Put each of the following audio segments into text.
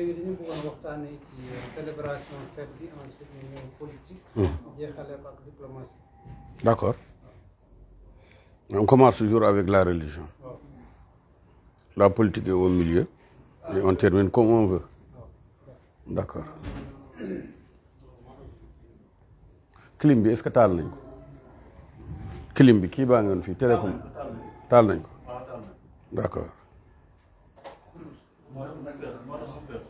léegi dañu hmm. accord on commence toujours avec la religion. la politique est au milieu. on termine comme on veut. d' accord clim bi est ce que taal nañ ko. clim bi kii baa fii téléphone. taal nañ ko d'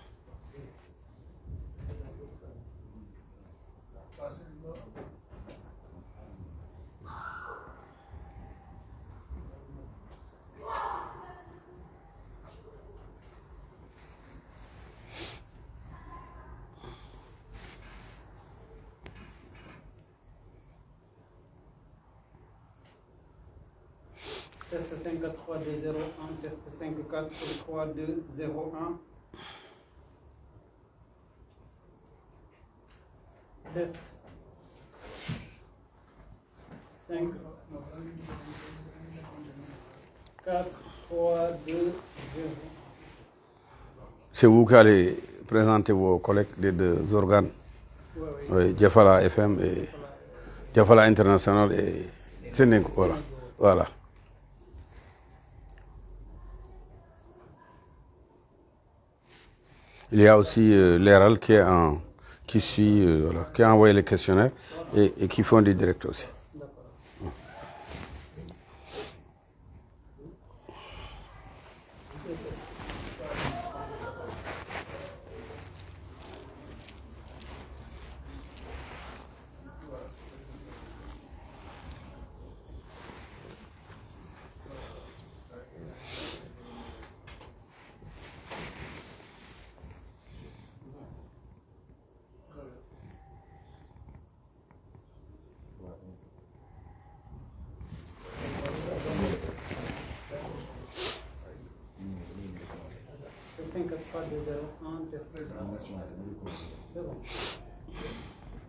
54 32 01 test 54 32 C'est vous qui présenter vos collègues des deux organes Jafala FM et Jafala International et Sénégal voilà voilà Il y a aussi euh, l'ERAL qui, est en, qui, suit, euh, voilà, qui a envoyé les questionnaires et, et qui font des directs aussi.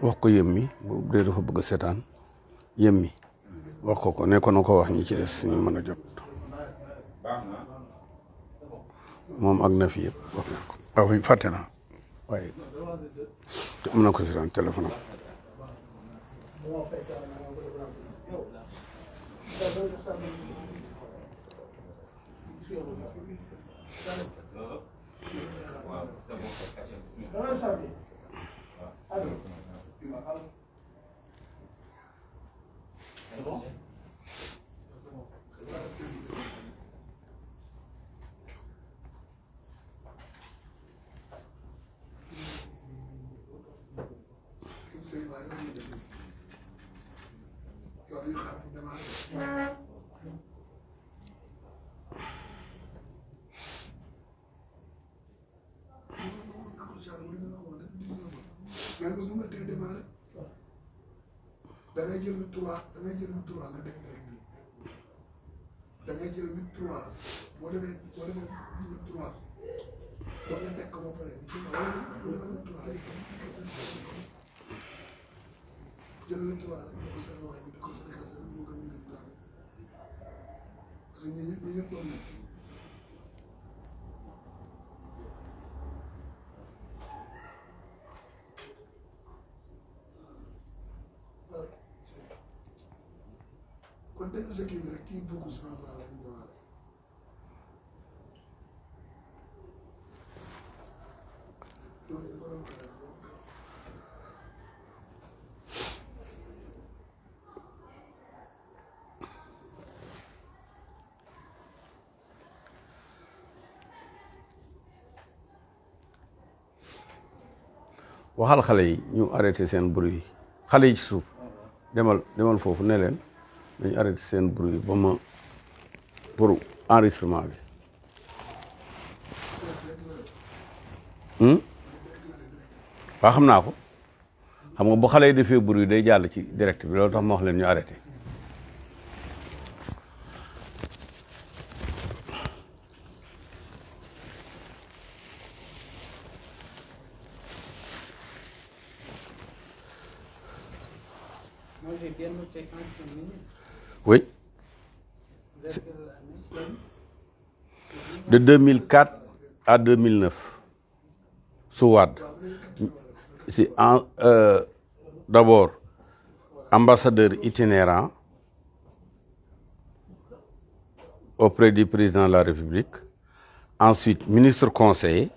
wax ko yem mi bu dee dafa bëgg seetaan yem wax ko ko ne ko ko wax ñu ci des ñu mën a jot moom ak na fi yëpp wax na ko waaye am na ko seetaan téléphone Amen. beaucoup waxal xale yi ñu arrêté seen bruit yi xale yi ci suuf demal demal foofu ne leen dañu arrêté seen bruit ba ma pour enregistrement bi hmm? waa xam naa ko xam nga bu xale yi defee bruit day jàll ci direct bi loolu tax ma wax leen ñu arrêté de 2004 à 2009 su Wade si en euh, d'abord ambassadeur itinérant auprès du président de la République ensuite ministre conseiller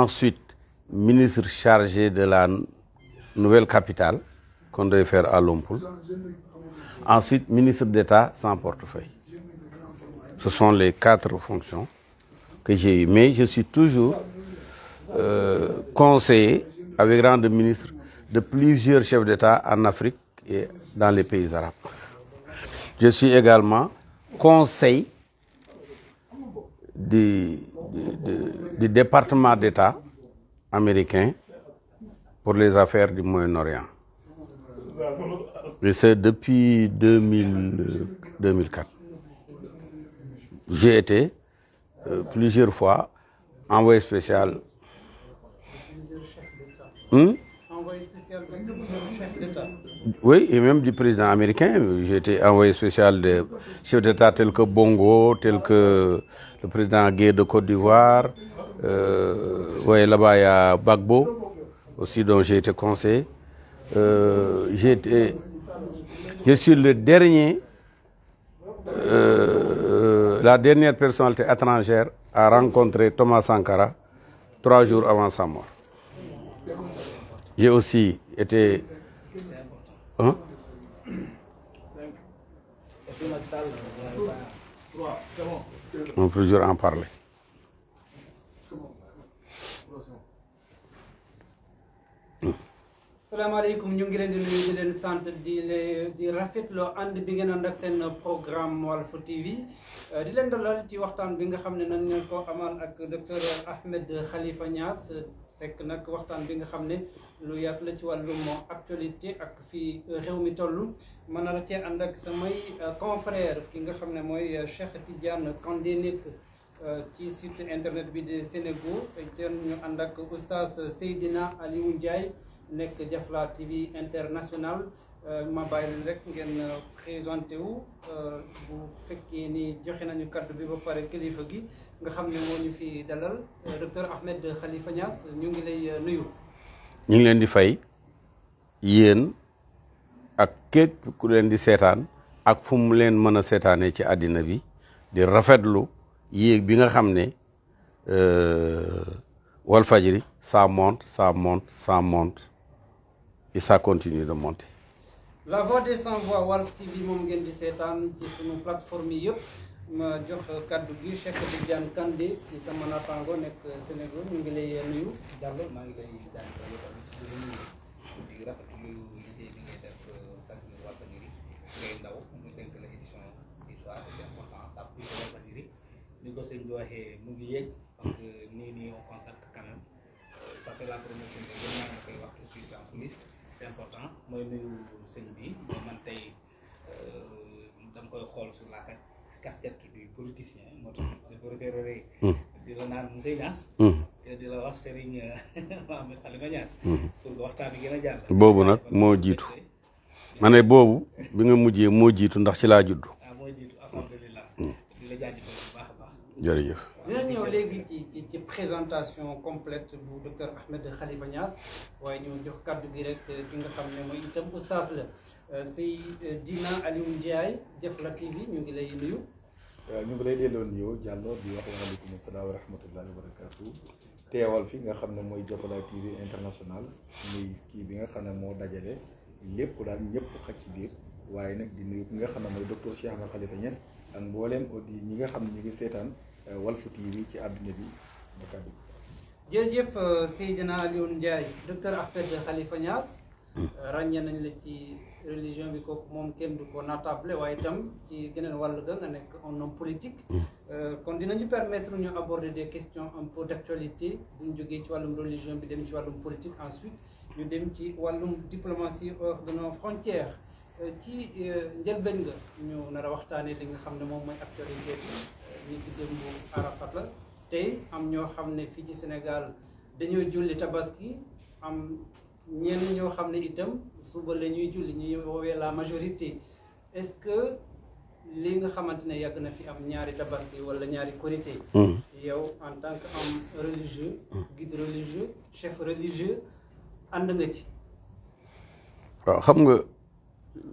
ensuite ministre chargé de la nouvelle capitale qu'on devait faire à Lompoul ensuite ministre d'État sans portefeuille Ce sont les quatre fonctions que j'ai eues. Mais je suis toujours euh, conseiller, avec rang de ministre, de plusieurs chefs d'État en Afrique et dans les pays arabes. Je suis également conseil du, du, département d'État américain pour les affaires du Moyen-Orient. Et c'est depuis 2000, 2004. j'ai été euh, plusieurs fois envoyé spécial. Hmm? Envoyé spécial président américain. J'ai été envoyé spécial de chefs d'État tels que Bongo, tels que le président Gué de Côte d'Ivoire. Euh, là Bagbo, aussi dont j'ai été conseiller. Euh, je suis le dernier... Euh, la dernière personnalité étrangère à rencontrer Thomas Sankara trois jours avant sa mort. J'ai aussi été... Hein? On peut toujours en parler. salaamaaleykum ñu ngi leen di nuyu di leen sant di leen di rafetloo ànd bi ngeen ànd ak seen programme Walf TV euh, di leen dalal ci waxtaan bi nga xam ne nañ ngeen ko amal ak docteur Ahmed Khalifa Niass Seck nag waxtaan bi nga xam ne lu yaatu la ci wàllum actualité ak fii réew mi toll mën na la ànd ak samay euh, confrère ki nga xam ne mooy euh, Cheikh Tidiane Kandé nekk ci site internet bi de Sénégal te ñu ànd ak oustaz Seydina Aliou Ndiaye. nekk Jafra TV international euh, ma rek ngeen euh, présenté euh, bu fekkee ni joxe nañu kaddu bi ba pare kilifa gi nga xam ne moo ñu fi dalal docteur Ahmed Khalifa Niass ñu ngi lay nuyu. ñu leen di fay yéen ak képp ku leen di seetaan ak fu mu leen mën a seetaanee ci àddina bi di rafetlu yéeg bi nga xam ne. Walfadjri ça monte ça monte ça monte et ça continue de monter. la voix des sans voix Walf TV moom ngeen di seetaan ci sunu plateforme yi yëpp ma jox kàddu gi Cheikh Tidiane Kandé ci sama naataango nekk Sénégal mu ngi lay nuyu. Diallo maa ngi lay daan di rafetlu liggéey bi ngay def euh, sant ko sëñ mu ngi yéeg may nuyu sëñ boobu nag moo jiitu ma ne boobu bi nga mujjee moo jiitu ndax ci laa judd ah, dina ñëw léegi ci présentation complète bu docteur Ahmed Khalifa Niass waaye ñu jox kàddu gi rek euh, ki nga xam ne mooy itam oustaz la euh, Seydina euh, Aliou Ndiaye Jafra TV ñu ngi lay nuyu. waaw ñu ngi lay delloo nuyoo Diallo di wax waaleykum salaam wa rahmatullahi wa barakaatu teewal fi nga xam ne mooy Jafra TV international muy kii bi nga xam ne moo dajale lépp daal ñëpp xaj ci biir waaye nag di nuyu ki nga xam ne mooy docteur Cheikh Ahmed Khalifa Niass ak mbooleem ñi nga xam ne ñu ngi seetaan. Euh, Walf TV ci àdduna bi ba kàddu jërëjëf euh, Seydina Alioune Ndiaye docteur Ahmed Khalifa Niass euh, ràññee nañ la ci religion bi kooku moom kenn du ko naatable waaye itam ci geneen wàll ga nga nekk un homme politique kon dinañu permettre ñu aborder des questions un peu d'actualité buñ jógee ci wàllum religion bi dem ci wàllum politique ensuite ñu dem ci wàllum diplomatie hors de nos frontières ci euh, njëlbéen nga ñu nara a waxtaanee li nga xam ne moom mooy actualité bi euh, ñu fi démb Arafat la tey am ñoo xam ne fii ci Sénégal dañoo julli tabaski am ñenn ñoo xam ne itam suba la ñuy julli ñuy woowee la majorité est-ce que li nga xamante ne yàgg na fi am ñaari tabaski wala ñaari korité hmm. yow en tant que homme religieux hmm. guide religieux chef religieux ànd nga ci waaw xam nga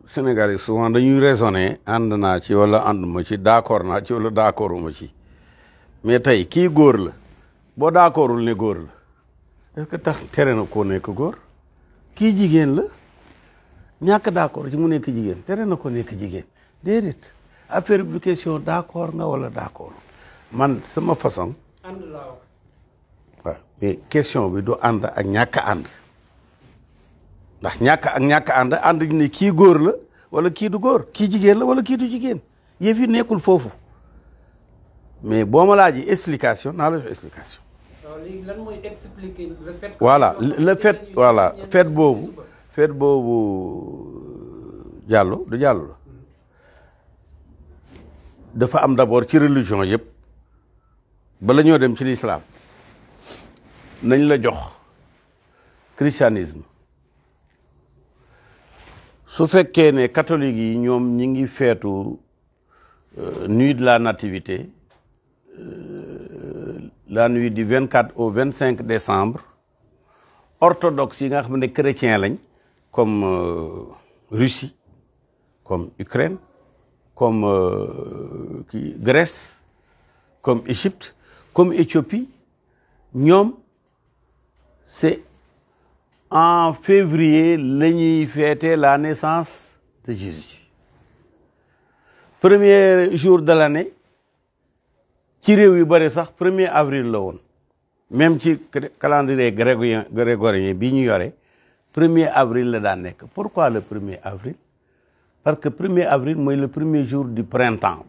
senegal yi souvent dañuy raisonner ànd naa ci wala ma ci d'accord naa ci wala ma ci mais tey kii góor la boo d'accordul ne góor la est-ce que tax tere na koo nekk góor kii jigéen la ñàkk d'accord ci mu nekk jigéen tere na ko nekk jigéen déedéet affaire bi question d'accord na wala d'accord man sama façon. ànd question bi du ànd ak ñàkk ànd. ndax ñàkk ak ñàkk ànd ànd ñu kii góor la wala kii du góor kii jigéen la wala kii du jigéen yëf yi nekkul foofu mais boo ma laajee explication naa la jox explication. léegi lan mooy le fait. voilà le boobu fait boobu jàllo euh, du jàllo la dafa am d'abord ci religion yëpp bala ñoo dem ci l'islam nañ la jox christianisme. su fekkee ne catholique yi ñoom ñi ngi feetu euh, nuit de la nativité euh, la nuit du 24 au 25 décembre orthodoxe yi nga xam ne chrétien lañ comme euh, Russie comme Ukraine comme kii comme Égypte comme Éthiopie ñoom c'est en février la ñuy fêter la naissance de Jésus premier jour de l'année ci réew yu bëri sax premier avril la woon même ci calendrier grégorien grégorien bi ñu yore premier avril la daan nekk pourquoi le premier avril parce que premier avril mooy le premier jour du printemps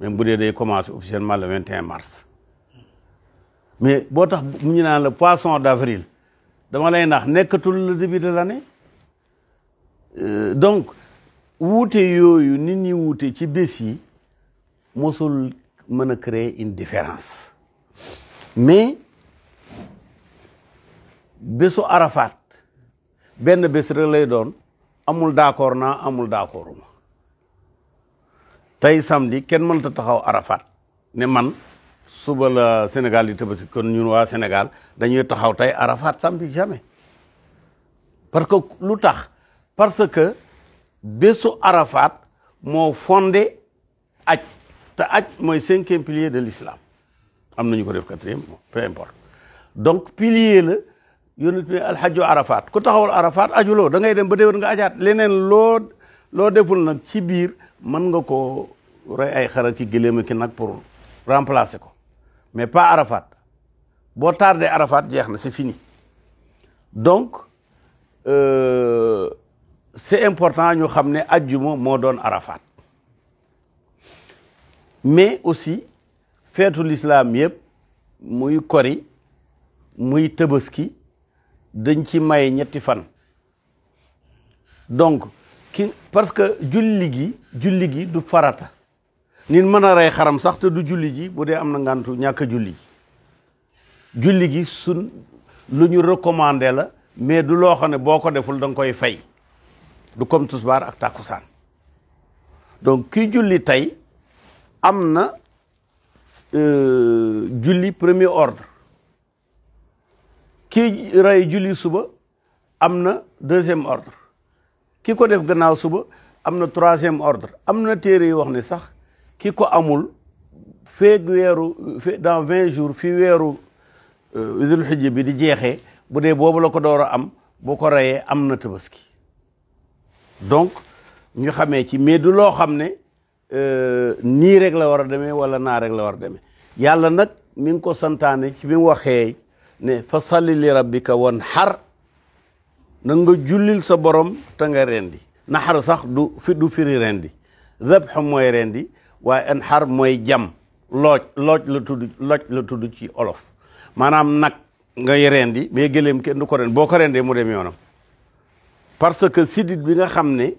même bu dee day commencé officiellement le 21 mars mais boo tax ñu naan le poisson d'avril dama lay nax nekkatul le début de l'année euh, donc wuute yooyu nit ñi wuute ci bés yi mosul mën a créer une différence mais bésu Arafat benn bés rek lay doon amul d'accord naa amul d'accorduma tey samedi kenn mënta taxaw Arafat ne man suba la Sénégal di tabaski kon ñun waa Sénégal dañuy taxaw tey Arafat samedi jamais parce que lu tax parce que bésu Arafat moo fonde aj te aj mooy cinquième pilier de l'islam am nañu ko def quatrième peu importe donc pilier la yonent bi alxaju Arafat ku taxawal Arafat ajuloo da ngay dem ba déwén nga ajaat leneen loo loo deful nag ci biir mën nga ko rey ay xara ki gëléema ki nag pour remplacer ko mais pas Arafat boo tardé Arafat jeex na si fini donc euh, c'est important ñu xam ne ajjuma moo doon Arafat mais aussi feetu l'islam yëpp muy kori muy tëbaski dañ ci may ñetti fan donc ki parce que julli gi julli gi du farata nit mën a rey xaram sax te du julli ji bu dee am na ngantu ñàkk julli ji julli gi sun lu ñu recommandé la mais du loo xam ne boo ko deful da nga koy fay du comme tisbaar ak takku tàkkusaan donc kii julli tey am na euh, julli premier ordre ki rey julli suba am na deuxième ordre ki ko def gannaaw suba am na troisième ordre am na téere yi wax ne sax ki ko amul feeg weeru dans vingt jours fi weeru idul euh, xijja bi di jeexee bu dee boobu la ko door a am boo ko reyee am na tabaski donc ñu xamee ci mais du loo xam ne euh, nii rek la war a demee wala naa rek la war a deme yàlla nag mi ngi ko santaane ci bi mu waxee ne fa salli li rabbika wan xar na nga jullil sa borom te nga rendi naxar sax du fi du firi rendi zabx mooy rendi waaye en xar mooy jam looj looj la tudd looj la tudd ci olof maanaam nag ngay rendi mais gëléem kenn du ko ren boo ko rendee mu dem yoonam parce que sidit bi nga xam ne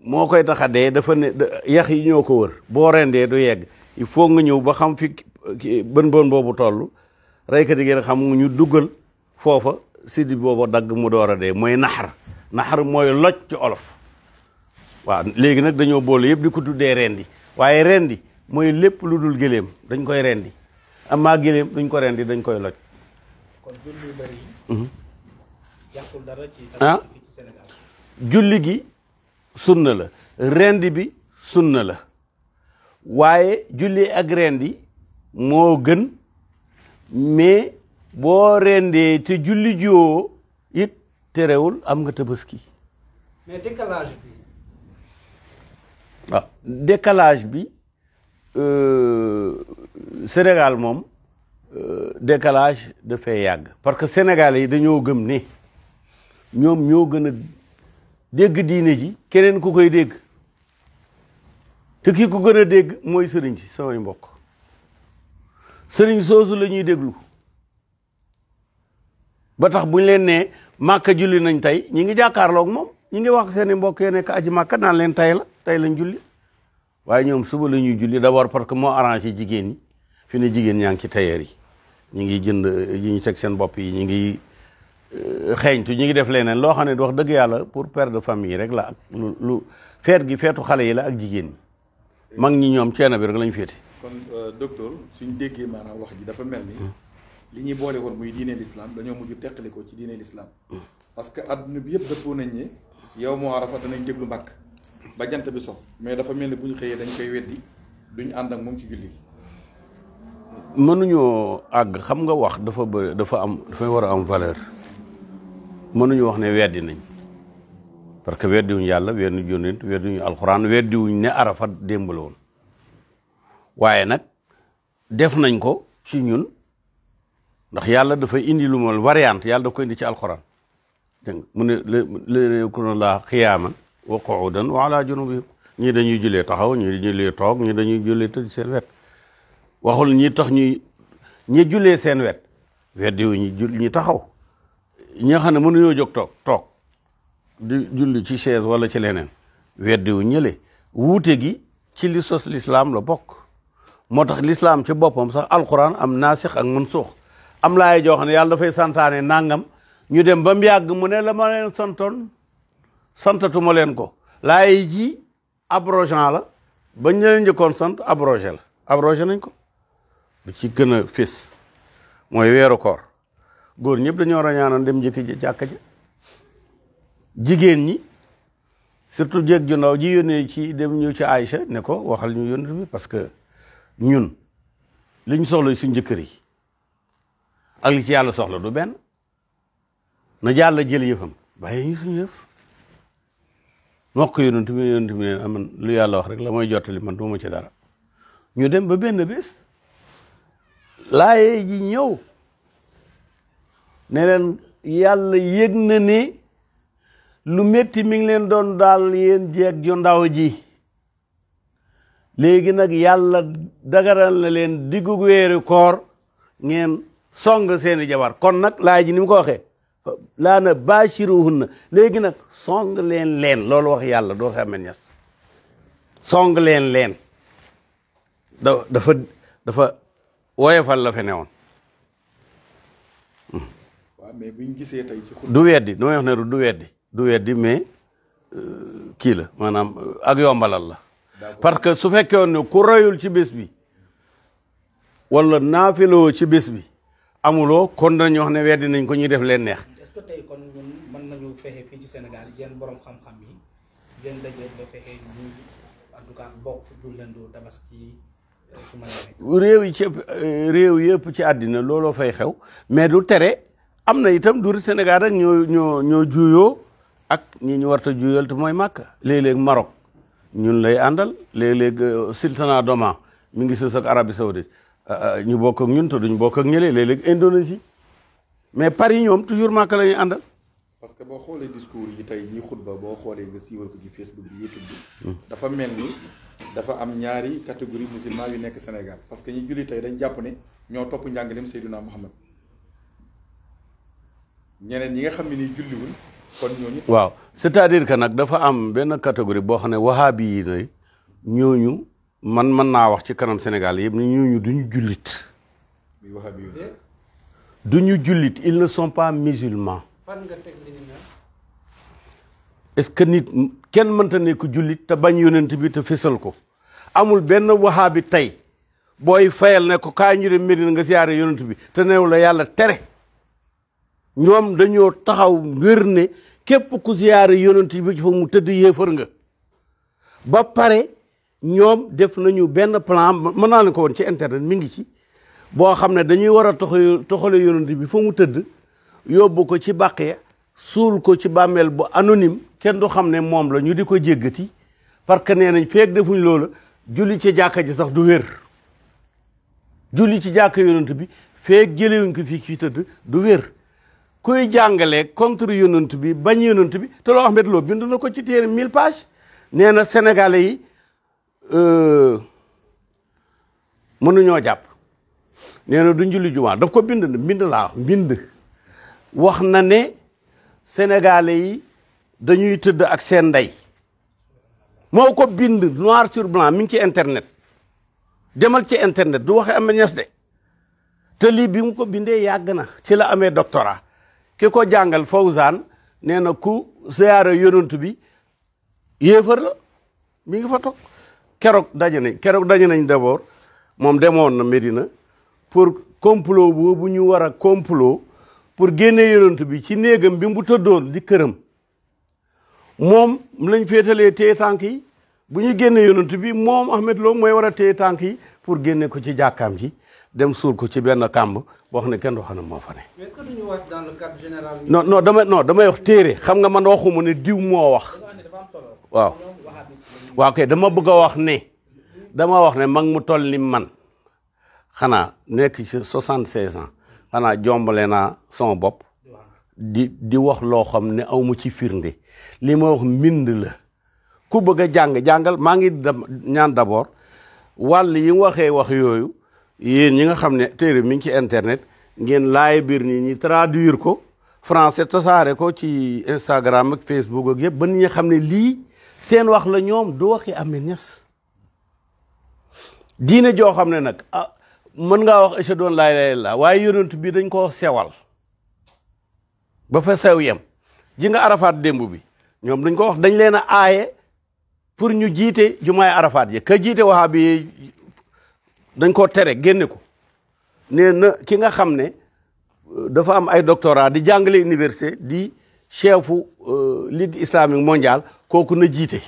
moo koy tax dee dafa ne yax yi ñoo ko wër boo rendee du yegg il faut nga ñëw ba xam fi bën bën boobu toll reykat yi ngeen xam ñu duggal foofa sidit boobu dagg mu door a dee mooy naxar naxar mooy loj ci olof waaw léegi nag dañoo boole yëpp di ko tuddee rendi waaye rendi mooy lépp lu dul gëléem dañ koy rendi amaa gëléem duñ ko rendi dañ koy loj. kon julli mhm. dara ci ah. julli gi sunna la rendi bi sunna la waaye julli ak rendi moo gën mais boo rendee te julli jiwoo it terewul am nga tabaski. waaw ah. décalage bi euh, Sénégal moom euh, décalage dafay yàgg parce que sénégalais yi dañoo gëm ne ñoom ñoo gën a dégg diine ji keneen ku koy dégg te kii ku gën a dégg mooy sëriñ si samay mbokk sëriñ soosu la ñuy déglu ba tax buñ leen ne nee màkka julli nañ tey ñi ngi jàkkaarloog moom ñi ngi wax seen seeni mbokk yi nekk aji màkka naa leen tey la tey lañ julli waaye ñoom suba la ñuy julli war parce que moo arrangé jigéen ñi fi ne jigéen ñaa ngi ci tailleur yi ñu ngi jënd yi ngi teg seen bopp yi ñu ngi euh, xeeñtu ñu ngi def leneen loo xam ne wax dëgg yàlla pour per de famille rek la ak lu lu feet gi feetu xale yi la ak jigéen ñi mag ñi ñoom ceena bi rek lañu féete. kon euh, docteur suñ déggee maanaam wax ji dafa mel ni. Hmm. li ñuy boole woon muy diine l'islam dañoo mujj teqali ko ci diine l'islam. Hmm. parce que adduna yëpp nañ ne yow moo arafa danañ déglu mbàkk. ba jant bi so mais dafa mel ni bu ñu xëyee dañ koy weddi duñ ànd ak moom ci julli mënuñoo àgg xam nga wax dafa ba dafa am dafay war a am valeur mënuñu wax ne weddi nañ parce que weddiwuñ yàlla weddiwuñ yonent weddiwuñ alxuraan weddiwuñ ne arafa démb waaye nag def nañ ko ci ñun ndax yàlla dafa indi lu mal variant yàlla daf ko indi ci alxuraan dégg nga mu ne la la yakuna laa xiyaama wa quudan wa ala junubihim ñii dañuy jullee taxaw ñii dañuy jullee toog ñii dañuy jullee tëdd seen wet waxul ñi tax ñuy ñi jullee seen wet weddi wu ñi jul ñi taxaw ñi nga xam ne mënuñoo jóg toog toog di julli ci chaise wala ci leneen weddi wu ñële wuute gi ci li sos lislaam la bokk moo tax lislaam ci boppam sax alquran am naasix ak mansuux am laay joo xam ne yàlla dafay santaane nangam ñu dem ba mu yàgg mu ne la ma leen santatuma leen ko laay ji abrogant la bañ leen njëkkoon sant abrogé la abrogé nañ ko bi ci gën a mooy weeru koor góor ñëpp dañoo rañaanoon dem njëkki ji jàkka ji jigéen ñi surtout jéeg ju ndaw ji yónnee ci dem ñu ci Aïcha ne ko waxal ñu yónni bi parce que ñun li ñu soxla suñ jëkkër yi ak li ci yàlla soxla du benn na jàll jël yëfam bàyyi ñu suñu yëf wax yu yonent bi yonent bi ne man lu yàlla wax rek la mooy jottali man du ma ci dara ñu dem ba benn bés laaye ji ñëw ne leen yàlla yëg na ni lu metti mi ngi leen doon daal yéen jeeg ju ndaw ji léegi nag yàlla dagaral na leen diggu weeru koor ngeen song seeni jabar kon nag laay ji ni mu ko waxee laa na laana baashiruhunna léegi nag song leen leen loolu wax yàlla doo xamee ñas song leen leen da dafa dafa woyefal la fe newoon hmm. waaw mais bu ñu gisee tey ci du weddi du weddi du euh, kii la maanaam euh, ak yombalal la parce que su fekkee woon ne ku royul ci bés bi wala naafiloo ci bés bi amuloo kon dañu wax ne weddi nañ ko ñuy def leen neex tey kon ñun mën nañu fexe fii ci senegal yéen borom xam-xam yi ngeen daje ba fexe ñu en tout cas bokk jullandoo tabaski euh, réew yi ci euh, réew yëpp ci àddina looloo fay xew mais du tere am na itam du senegal rek ñoo ñoo ñoo juyoo ak ñi ñu warta juyal te mooy Màkka léeg-léeg Maroc ñun lay àndal léeg-léeg euh, sultanat d'Oman mi ngi sës ak Arabie Saoudite ñu bokk ak ñun te duñ bokk ak ñële léeg-léeg Indonésie. mais Paris ñoom toujours Màkka la ñuy àndal. parce que boo xoolee discours yi tey ñi xutba boo xoolee nga siiwal ko ci Facebook bi YouTube hmm. dafa mel ni dafa am ñaari catégorie musulman yu nekk Sénégal parce que ñi julli tey dañ jàpp ne ñoo topp njàngaleem Seydina Muhammad ñeneen ñi nga xam ne ni julliwul kon waaw c'est-à-dire que nag dafa am benn catégorie boo xam ne wahabi yi ne ñooñu man mën naa wax ci kanam Sénégal yëpp ñooñu duñu jullit. muy wahabi yi du ñu jullit ils ne sont pas musulmans. fan nga teg ce que nit kenn mënta nekk jullit te bañ yonent bi te fésal ko amul benn wahaabi tey booy fayal ne ko kaa ñu dem Medina nga siyaare yonent bi te neew a yàlla tere ñoom dañoo taxaw wér ne képp ku siyaare yonent bi fa mu tëdd yéefar nga ba pare ñoom def nañu benn plan mën naa ne ko woon ci internet mi ngi ci boo xam ne dañuy war a toxal toxale yonent bi foo mu tëdd yóbbu ko ci bàq suul ko ci bàmmeel bu anonim kenn du xam ne moom la ñu di ko jéggati parce que nee nañ feeg defuñ loola julli ci jàkka ji sax du wér julli ci jàkka yonent bi feeg jëlewuñ ko fii ci tëdd du wér kuy jàngale contre yonent bi bañ yonent bi te loo Ahmed loo bind na ko ci téere mille pages nee na sénégalais yi euh, mënuñoo jàpp nee na duñ julli jumaa daf ko bind mbind laa wax mbind wax na ne sénégalais yi dañuy tëdd ak seen ndey moo ko bind noir sur blanc mi ngi ci internet demal ci internet du waxe Ameth Niass de te bi mu ko bindee yàgg na ci la amee doctorat ki ko jàngal Fawzan nee na ku siyaare yonent bi yéefar la mi ngi fa toog keroog daje nañ keroog daje nañ d'abord moom demoon na Medina pour complot boobu ñu war a complot pour génne yonent bi ci néegam bi mu tëddoon di këram moom lañ féetalee téye tànk yi bu ñu génne yonent bi moom Ahmed Lo mooy war a téye tànk yi pour génne ko ci jàkkaam ji dem suul ko ci benn kàmb boo xam ne kenn doo xam ne moo fa ne. est-ce que damay wax téere xam nga man waxuma ne diw moo wax. waaw waaw kay dama bëgg a wax ne. dama wax ne mag mu toll ni man. xanaa nekk ci soixante seize ans xanaa jombale naa sama bopp di di wax loo xam ne aw ma ci firnde li ma wax mbind la ku bëgg a jàng jàngal maa ngi ñaan d'abord wàll yi waxee wax yooyu yéen ñi nga xam ne téere mi ngi ci internet ngeen laay biir ni ñi traduire ko français tasaare ko ci Instagram ak Facebook ak yëpp ba nit ñi xam ne lii seen wax la ñoom du waxi Ameth Niass diine joo xam ne nag ah, mën ngaa wax ashhadu an laa ilaaha illallaah waaye yonent bi dañ koo sewal ba fa sew yem ji nga arafaat démb bi ñoom dañ ko wax dañ leen a aaye pour ñu jiite jumaay arafaat ji ka jiite waxaa bi dañ koo tere génne ko nee ki nga xam ne euh, dafa am ay doctorat di jàngale université di chefu euh, ligue islamique mondial kooku na jiite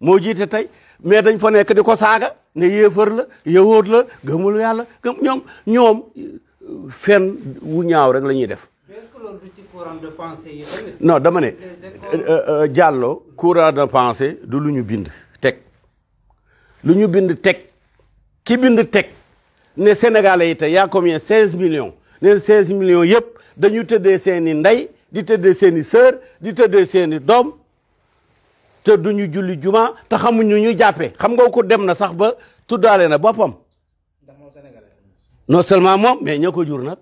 moo jiite tey mais dañ fa nekk di ko saaga ne yéefar la yowóot yàlla gëm ñoom ñoom fen wu ñaaw rek lañuy def. est dama ne euh, euh, euh, Diallo courant de pensée du lu ñu bind teg lu ñu bind teg ki bind teg ne Sénégalais yi te y a combien 16 millions ne 16 millions yëpp dañu tëddee seen i ndey di tëddee seen i di tëddee seeni doom. te duñu julli jumaa te xamuñu ñu jàppee xam nga ko dem na sax ba tuddaale na boppam no seulement moom mais ñoo ko jur nag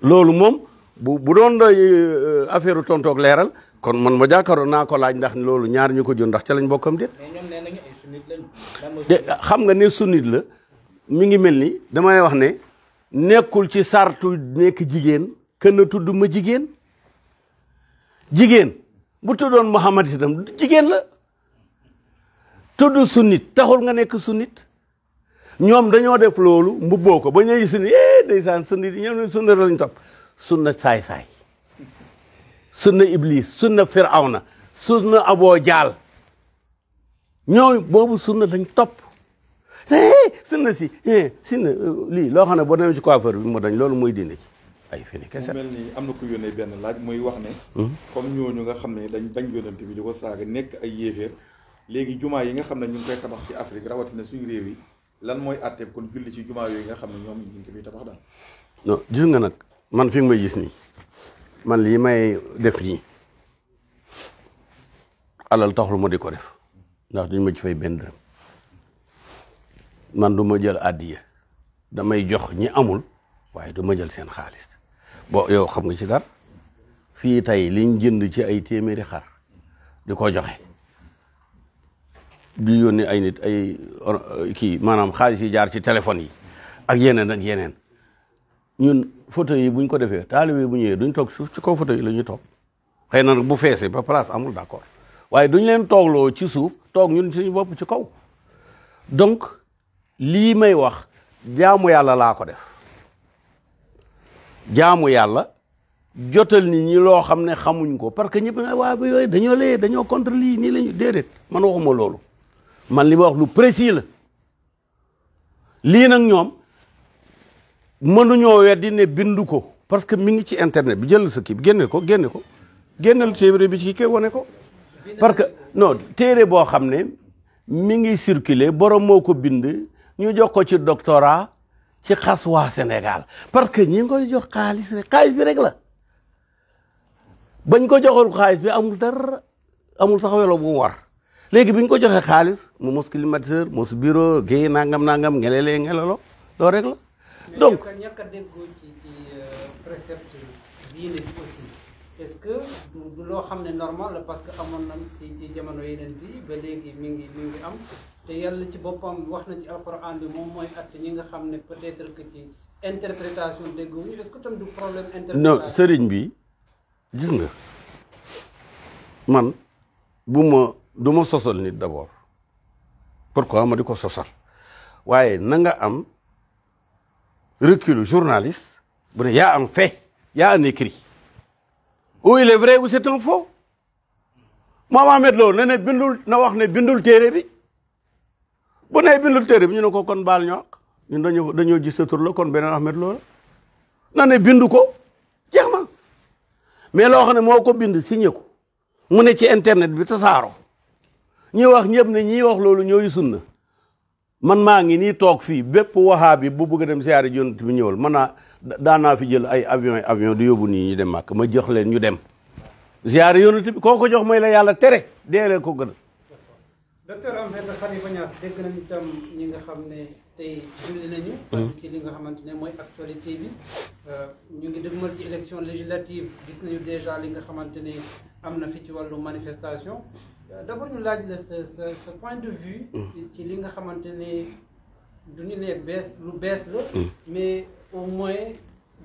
loolu moom bu bu doon doy euh, affaire tontoog leeral kon man ma jàkkaaroon naa ko laaj ndax loolu ñaar ñu ko jur ndax ca lañ bokkam déet xam nga ne sunnit la mu ngi mel ni damay wax ne nekkul ci sartu nekk jigéen kenn tudd ma jigéen jigéen bu tuddoon Muhammad itam jigéen la tudd sunnit taxul nga nekk sunnit ñoom dañoo def loolu mbubboo ko ba ñuy gis ni eh ndeysaan sunnit ñoom ñoom sunna lañ topp sunna saay-saay sunna iblis sunna firawna sunna aboo jaal ñooy boobu sunna lañ topp eh, sunna si eh, sunna lii loo xam ne boo demee ci coiffeur bi mu dañ loolu mooy diine ci ay fini kese mu mel ni am na ko yónnee benn laaj muy wax ne. Hmm? comme ñooñu nga xam ne dañ bañ yónnante bi di ko saaga nekk ay yéeféer léegi jumaa yi nga xam ne ñu ngi koy tabax ci Afrique rawatina suñu réew yi lan mooy àtteeb kon julli ci jumaa yooyu nga xam ne ñoom ñu ngi koy tabax daal. gis nga nag man fi nga may gis nii man lii may def nii alal taxul ma di ko def ndax duñ ma ci fay man du ma jël àddiya damay jox ñi amul waaye du ma jël seen xaalis. bo yow xam nga ci dara fii tey liñ jënd ci ay téeméeri xar di ko joxe di yónni ay nit ay kii maanaam xaalis yi jaar ci téléphone yi ak yeneen ak yeneen ñun photo yi buñ ko defee taalibe bu ñëwee duñ toog suuf ci kaw photo yi la ñuy toog xëy na nag bu feesee ba place amul d'accord waaye duñ leen toogloo ci suuf toog ñun suñu bopp ci kaw donc lii may wax jaamu yàlla laa ko def jaamu yàlla jotal nit ñi loo xam ne xamuñ ko parce que ñëpp waa bi yooyu dañoo layee dañoo contre lii nii lañu déedéet man waxuma loolu man li ma wax lu précis la lii nag ñoom mënuñoo weddi ne bindu ko parce que mi ngi ci internet bi jël sa kii bi génne ko génne ko génnal téere bi ci kii wane ko parce que non téere boo xam ne mi ngi circuler borom moo ko bind ñu jox ko ci doctorat ci xas waa Sénégal parce que ñi ngi koy jox xaalis rek xaalis bi rek la bañ ko joxoon xaalis bi amul dara amul sax welo bu war léegi bi ñu ko joxee xaalis mu mos climatiseur mos bureau géey nangam nangam ngelelee ngelelo loolu rek la. donc euh, ce que loo xam ne normal parce que amoon na ci te yàlla ci boppam wax na ci alquran bi moom mooy at ñi nga xam ne peut-être que ci interprétation dégguñu est-ce que tam du problème interprétation non sëriñ bi gis nga man bu ma du ma sosal nit d'abord am ma di ko sosal waaye nanga am recul journaliste bu ne yaa am fe yaa un écrit ou il est vrai ou c'est un faux Mohamed Lo na ne bindul na wax ne bindul téere bi bu nee bindul téere bi ñu ne ko kon baal ñoo ñun dañoo dañoo gis sa tur la kon beneen Ahmed Lo la ne bindu ko jeex na mais loo xam ne moo ko bind signé ko mu ne ci internet bi tasaaroo ñi wax ñëpp ne ñi wax loolu ñooy sunna man maa ngi nii toog fii bépp bi bu bëgg a dem siyaare Yonent bi ñëwal man naa daanaa fi jël ay avion ay avion di yóbbu nii ñu dem màkk ma jox leen ñu dem siyaare Yonent bi koo ko jox may la yàlla tere deelee ko gën docteur Ahmed Khalifa Niass dégg nañu itam ñi nga xam ne tey julli nañu. parce mm-hmm. ci li nga xamante ne mooy actualité bi euh, ñu ngi dëgmal ci élection législative gis nañu déjà li nga xamante ne am na fi ci wàllu manifestation euh, d'abord ñu laaj la sa point de vue. Mm-hmm. ci li nga xamante ne du ñu ne bees lu bees la. Mm-hmm. mais au moins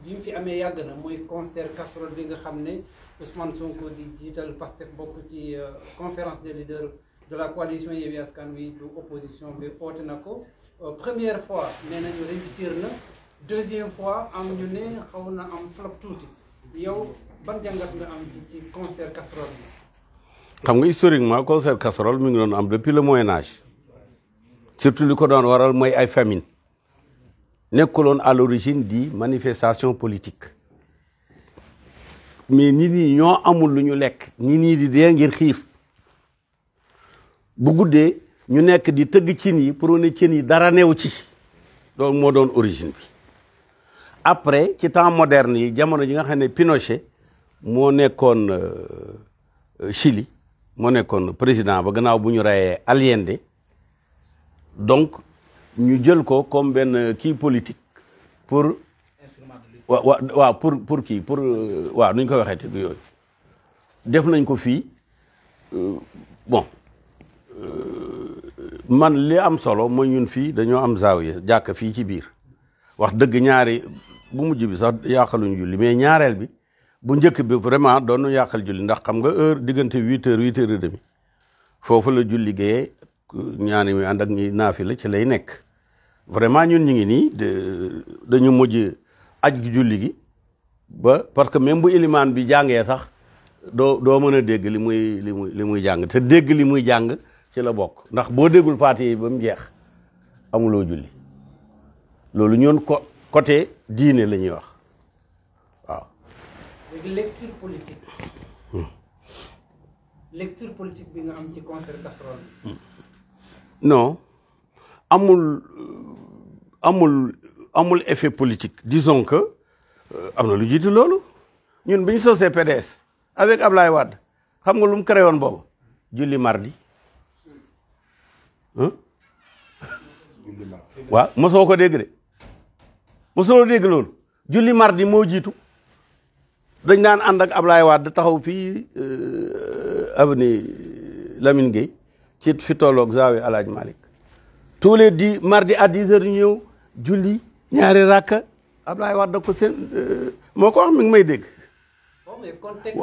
bi mu fi amee yàgg na mooy concert casserole bi nga xam ne Ousmane Sonko di jiital Pastef bokk ci euh, conférence de leaders. de la coalition Yewwi Askan Wi du opposition bi oote na ko euh, première fois nee nañu réussir na deuxième fois am ñu ne xaw na am flop tuuti yow ban jàngat nga am ci concert casserole xam nga historiquement concert casserole mi ngi doon am depuis le Moyen Âge surtout li ko doon waral mooy ay famine nekkuloon à l'origine di manifestation politique. mais nit ñi ñoo amul lu ñu lekk nit ñi di dee ngir xiif bu guddee ñu nekk di tëgg cin yi pour ne cin yi dara neew ci loolu moo doon origine bi après ci temps moderne yi jamono ji nga xam ne Pinochet moo nekkoon euh, Chili moo nekkoon président ba gannaaw bu ñu reyee Allende donc ñu jël ko comme benn kii politique pour waaw waaw pour pour kii pour euh, waaw nu ko koy waxee teg yooyu def nañ ko fii euh, bon man li am solo mooy ñun fii dañoo am zaawiya jàkk fii ci biir wax dëgg ñaari bu mujj bi sax yàqaluñ julli mais ñaareel bi bu njëkk bi vraiment doonu yàqal julli ndax xam nga heure diggante huit heures huit heures et demi foofu la julli gee ñaani mi ak ñi naafi la ci lay nekk vraiment ñun ñu ngi nii dañu mujj aj gi julli gi ba parce que même bu ilimaan bi jàngee sax doo doo mën a dégg li muy li muy li muy jàng dégg li muy jàng ci la bokk ndax boo déggul faatiha yi ba mu jeex amuloo julli loolu ñoon ko côté diine la ñuy wax waaw. léegi lecture politique. Hmm. lecture hmm. non amul amul amul effet politique disons que euh, am na lu jiitu loolu ñun bi ñu sosee PDS avec Ablaye Wade xam nga lu mu créé woon julli mardi. waaw mosoo ko dégg de mosoo dégg loolu julli mardi moo jiitu dañ daan ànd ak Ablaye Wade taxaw fii euh, avenue Lamine Gueye ci fi tolloog Zawi Alaaji Malick tous les dix mardi à dix heures ñëw julli ñaari rakka Ablaye Wade ko seen euh, moo ko wax mi may dégg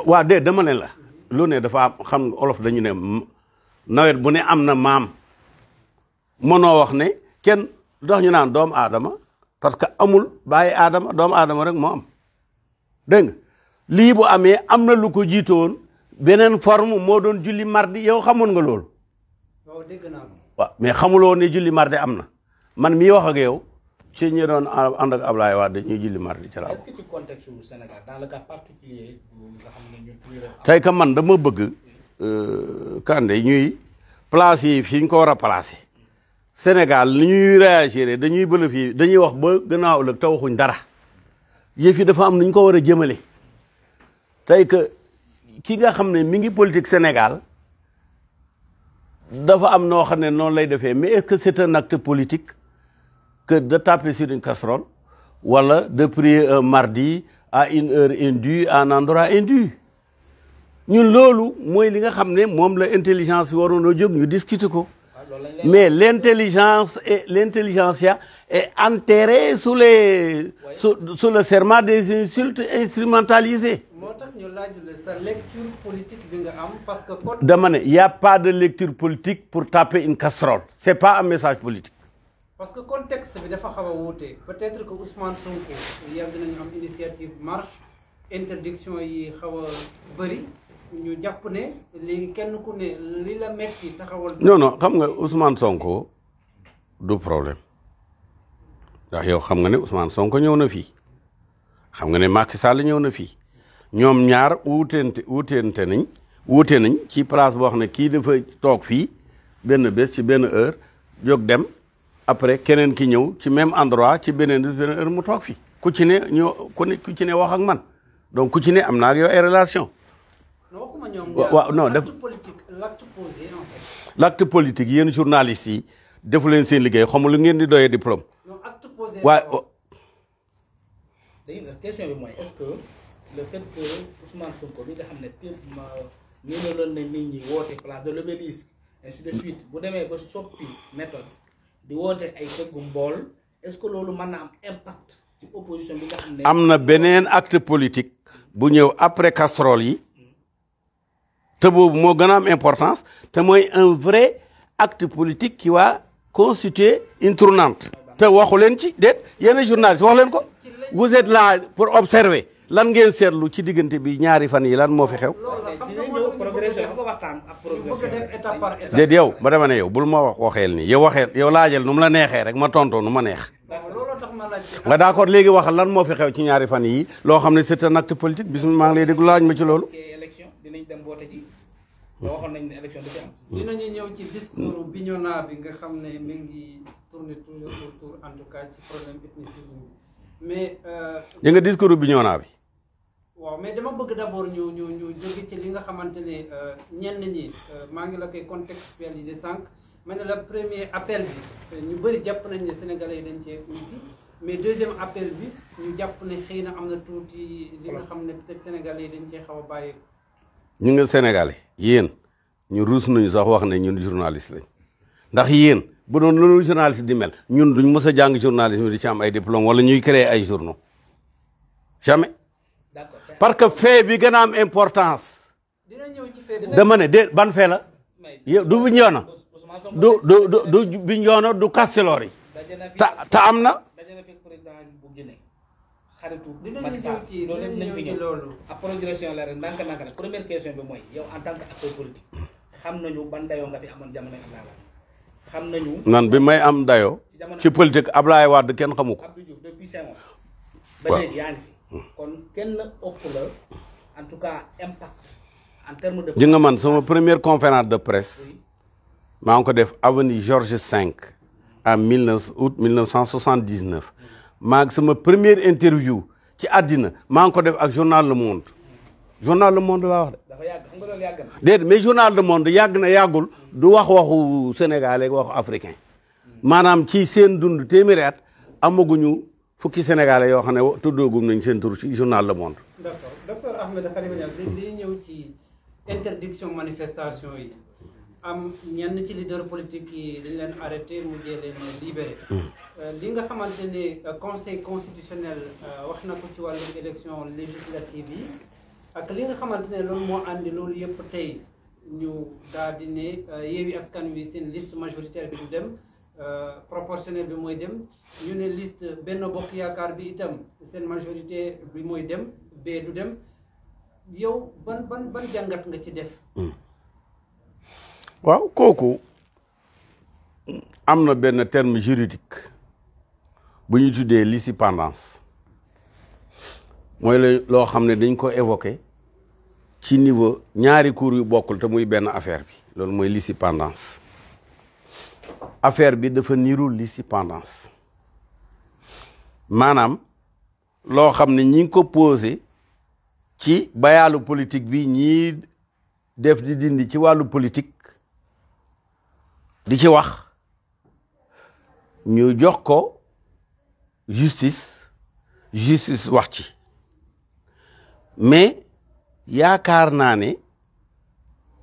waaw de dama ne la lu ne dafa xam nga olof dañu ne nawet bu ne am na maam mënoo wax ne kenn dox ñu naan doomu aadama parce que amul bàyyi aadama doomu aadama rek moo am dégg nga lii bu amee am na lu ko jiite beneen forme moo doon julli mardi yow xamoon nga loolu. waaw mais xamuloo ne julli mardi am na man mii wax ak yow ci ñi doon ànd ak waa Wade ñuy julli mardi ci laa est-ce que ci contexte bu Sénégal dans ka man dama bëgg. Euh, Kande ñuy placer yi ñu ko war a placer. Sénégal li ñuy réagir dañuy bëlëf yi dañuy wax ba gannaaw ëllëg te waxuñ dara yëf yi dafa am nu ñu ko war a jëmale tey que ki nga xam ne mi ngi politique Sénégal dafa am noo xam ne noonu lay defee mais est-ce que c'est un acte politique que de taper sur une casserole wala de prier un mardi à une heure indue à un endroit indu ñun loolu mooy li nga xam ne moom la intelligence yi waroon a jóg ñu discuter ko mais l'intelligence et l'intelligentsia est enterrée sous les sous, sous le serment des insultes instrumentalisées. moo tax ñu laaj la sa nga am parce que. dama ne y a pas de lecture politique pour taper une casserole c'est pas un message politique. parce que contexte bi dafa xaw a wuute peut-être que Ousmane Sonko yàgg nañu am initiative marche interdiction yi xaw a ñu jàpp ne léegi kenn ku ne li la xam nga Ousmane Sonko du problème ndax yow xam nga ne Ousmane Sonko ñëw na fii xam nga ne Macky Sall ñëw na fii ñoom ñaar wuuteente wuuteente nañ wuute nañ ci place boo xam ne kii dafa toog fii benn bés ci benn heure jóg dem après keneen ki ñëw ci même endroit ci beneen mu toog fii ku ci ne ñoo ku ci ne wax ak man donc ku ci ne am naa ak yow ay relation waaw non la l'acte politique yéen journalistes yi defu leen seen liggéey xamul lu ngeen di doyee diplôme. waaye. dañuy question bi mooy est-ce que le fait bu demee ba soppi méthode di woote ay tëggu mbool est-ce que loolu man na am impact am na beneen acte politique bu ñëw après casserole yi. te boobu moo gën a am importance te mooy un vrai acte politique ki waa constituer une tournante te waxu leen ci déet yene journaliste waxu leen ko vous êtes là pour observer lan ngeen seetlu ci diggante bi ñaari fan yi lan moo fi xew déet yow ba dama ne yow bul ma wax waxeel nii yow waxeel yow laajal nu mu la neexee rek ma tontoo nu ma neex nga d'accord léegi waxal lan moo fi xew ci ñaari fan yi loo xam ne c'est un acte politique bisimilah maa ngi lay laaj ma ci loolu dinañ dem woote ji te waxoon nañ ne élection dafay am. dinañu ñëw ci discours Bignona bi nga xam ne mi ngi tourner toujours autour en tout cas ci problème ethnicisme bi mais. ñu euh, nga discours Bignona bi. waaw mais dama bëgg d'abord ñu ñu ñu jóge ci li nga xamante ne euh, ñenn ñi euh, maa ngi la koy contextualiser sànq ma ne la premier appel bi ñu bëri jàpp nañ ne sénégalais yi dañ cee aussi mais deuxième appel bi ñu jàpp ne xëy na am na tuuti li nga xam ne peut-être yi dañ cee xaw a bàyyeeku. ñu nga Sénégalais yéen ñu ruus nañu sax wax ne ñun journaliste lañ ndax yéen bu doon loolu journaliste di mel ñun ñu mës a jàng journalisme di ci am ay diplôme wala ñuy créer ay journaux jamais. d'accord parce que fait bi gën a am importance. dama ne de ban fait la. yow du bu ñu yoona du du du du bu du kastiloor yi. te am na. xaritu Macky Sall loolu xam nañu ban dayoo xam nañu nan bi may am dayo ci politique Abdoulaye Wade kenn xamu ko Abdou Diouf hmm. kenn ëpp tout cas impact de ji nga man sama première conférence de presse maa ngi ko def avenue Georges V en 19 août 1979 maa sama première interview ci àddina maa ngi ko def ak journal Le Monde journal Le Monde laa wax de. dafa yàgg na. journal Le Monde yàgg na yàggul du wax waxu sénégalais waxu africain maanaam ci seen dund téeméeri at amaguñu fukki sénégalais yoo xam ne tuddoogum nañ seen tur ci journal Le Monde. d'accord ci interdiction yi. am ñenn ci leader politique yi dañ leen arrêté mujjee leen libéré. Hmm. Euh, li nga xamante ne euh, conseil constitutionnel euh, wax na ko ci wàllum élection législative yi ak li nga xamante ne loolu moo àndi loolu yëpp tey ñu daal di ne Yewwi Askan Wi seen liste majoritaire bi du dem. proportionnel bi mooy dem ñu ne list benn Bokk Yaakaar bi itam seen majorité bi mooy dem bee du dem yow ban ban ban jàngat nga ci def waaw kooku am na benn terme juridique bu ñu tuddee licipendance mooy la loo xam ne dañ ko évoqué ci niveau ñaari cours yu bokkul te muy benn affaire bi loolu mooy licipendance affaire bi dafa niru licipendance maanaam loo xam ne ñi ngi ko posé ci bayaalu politique bi ñii def di dindi ci wàllu politique di ci wax ñu jox ko justice justice wax ci mais yaakaar naa ne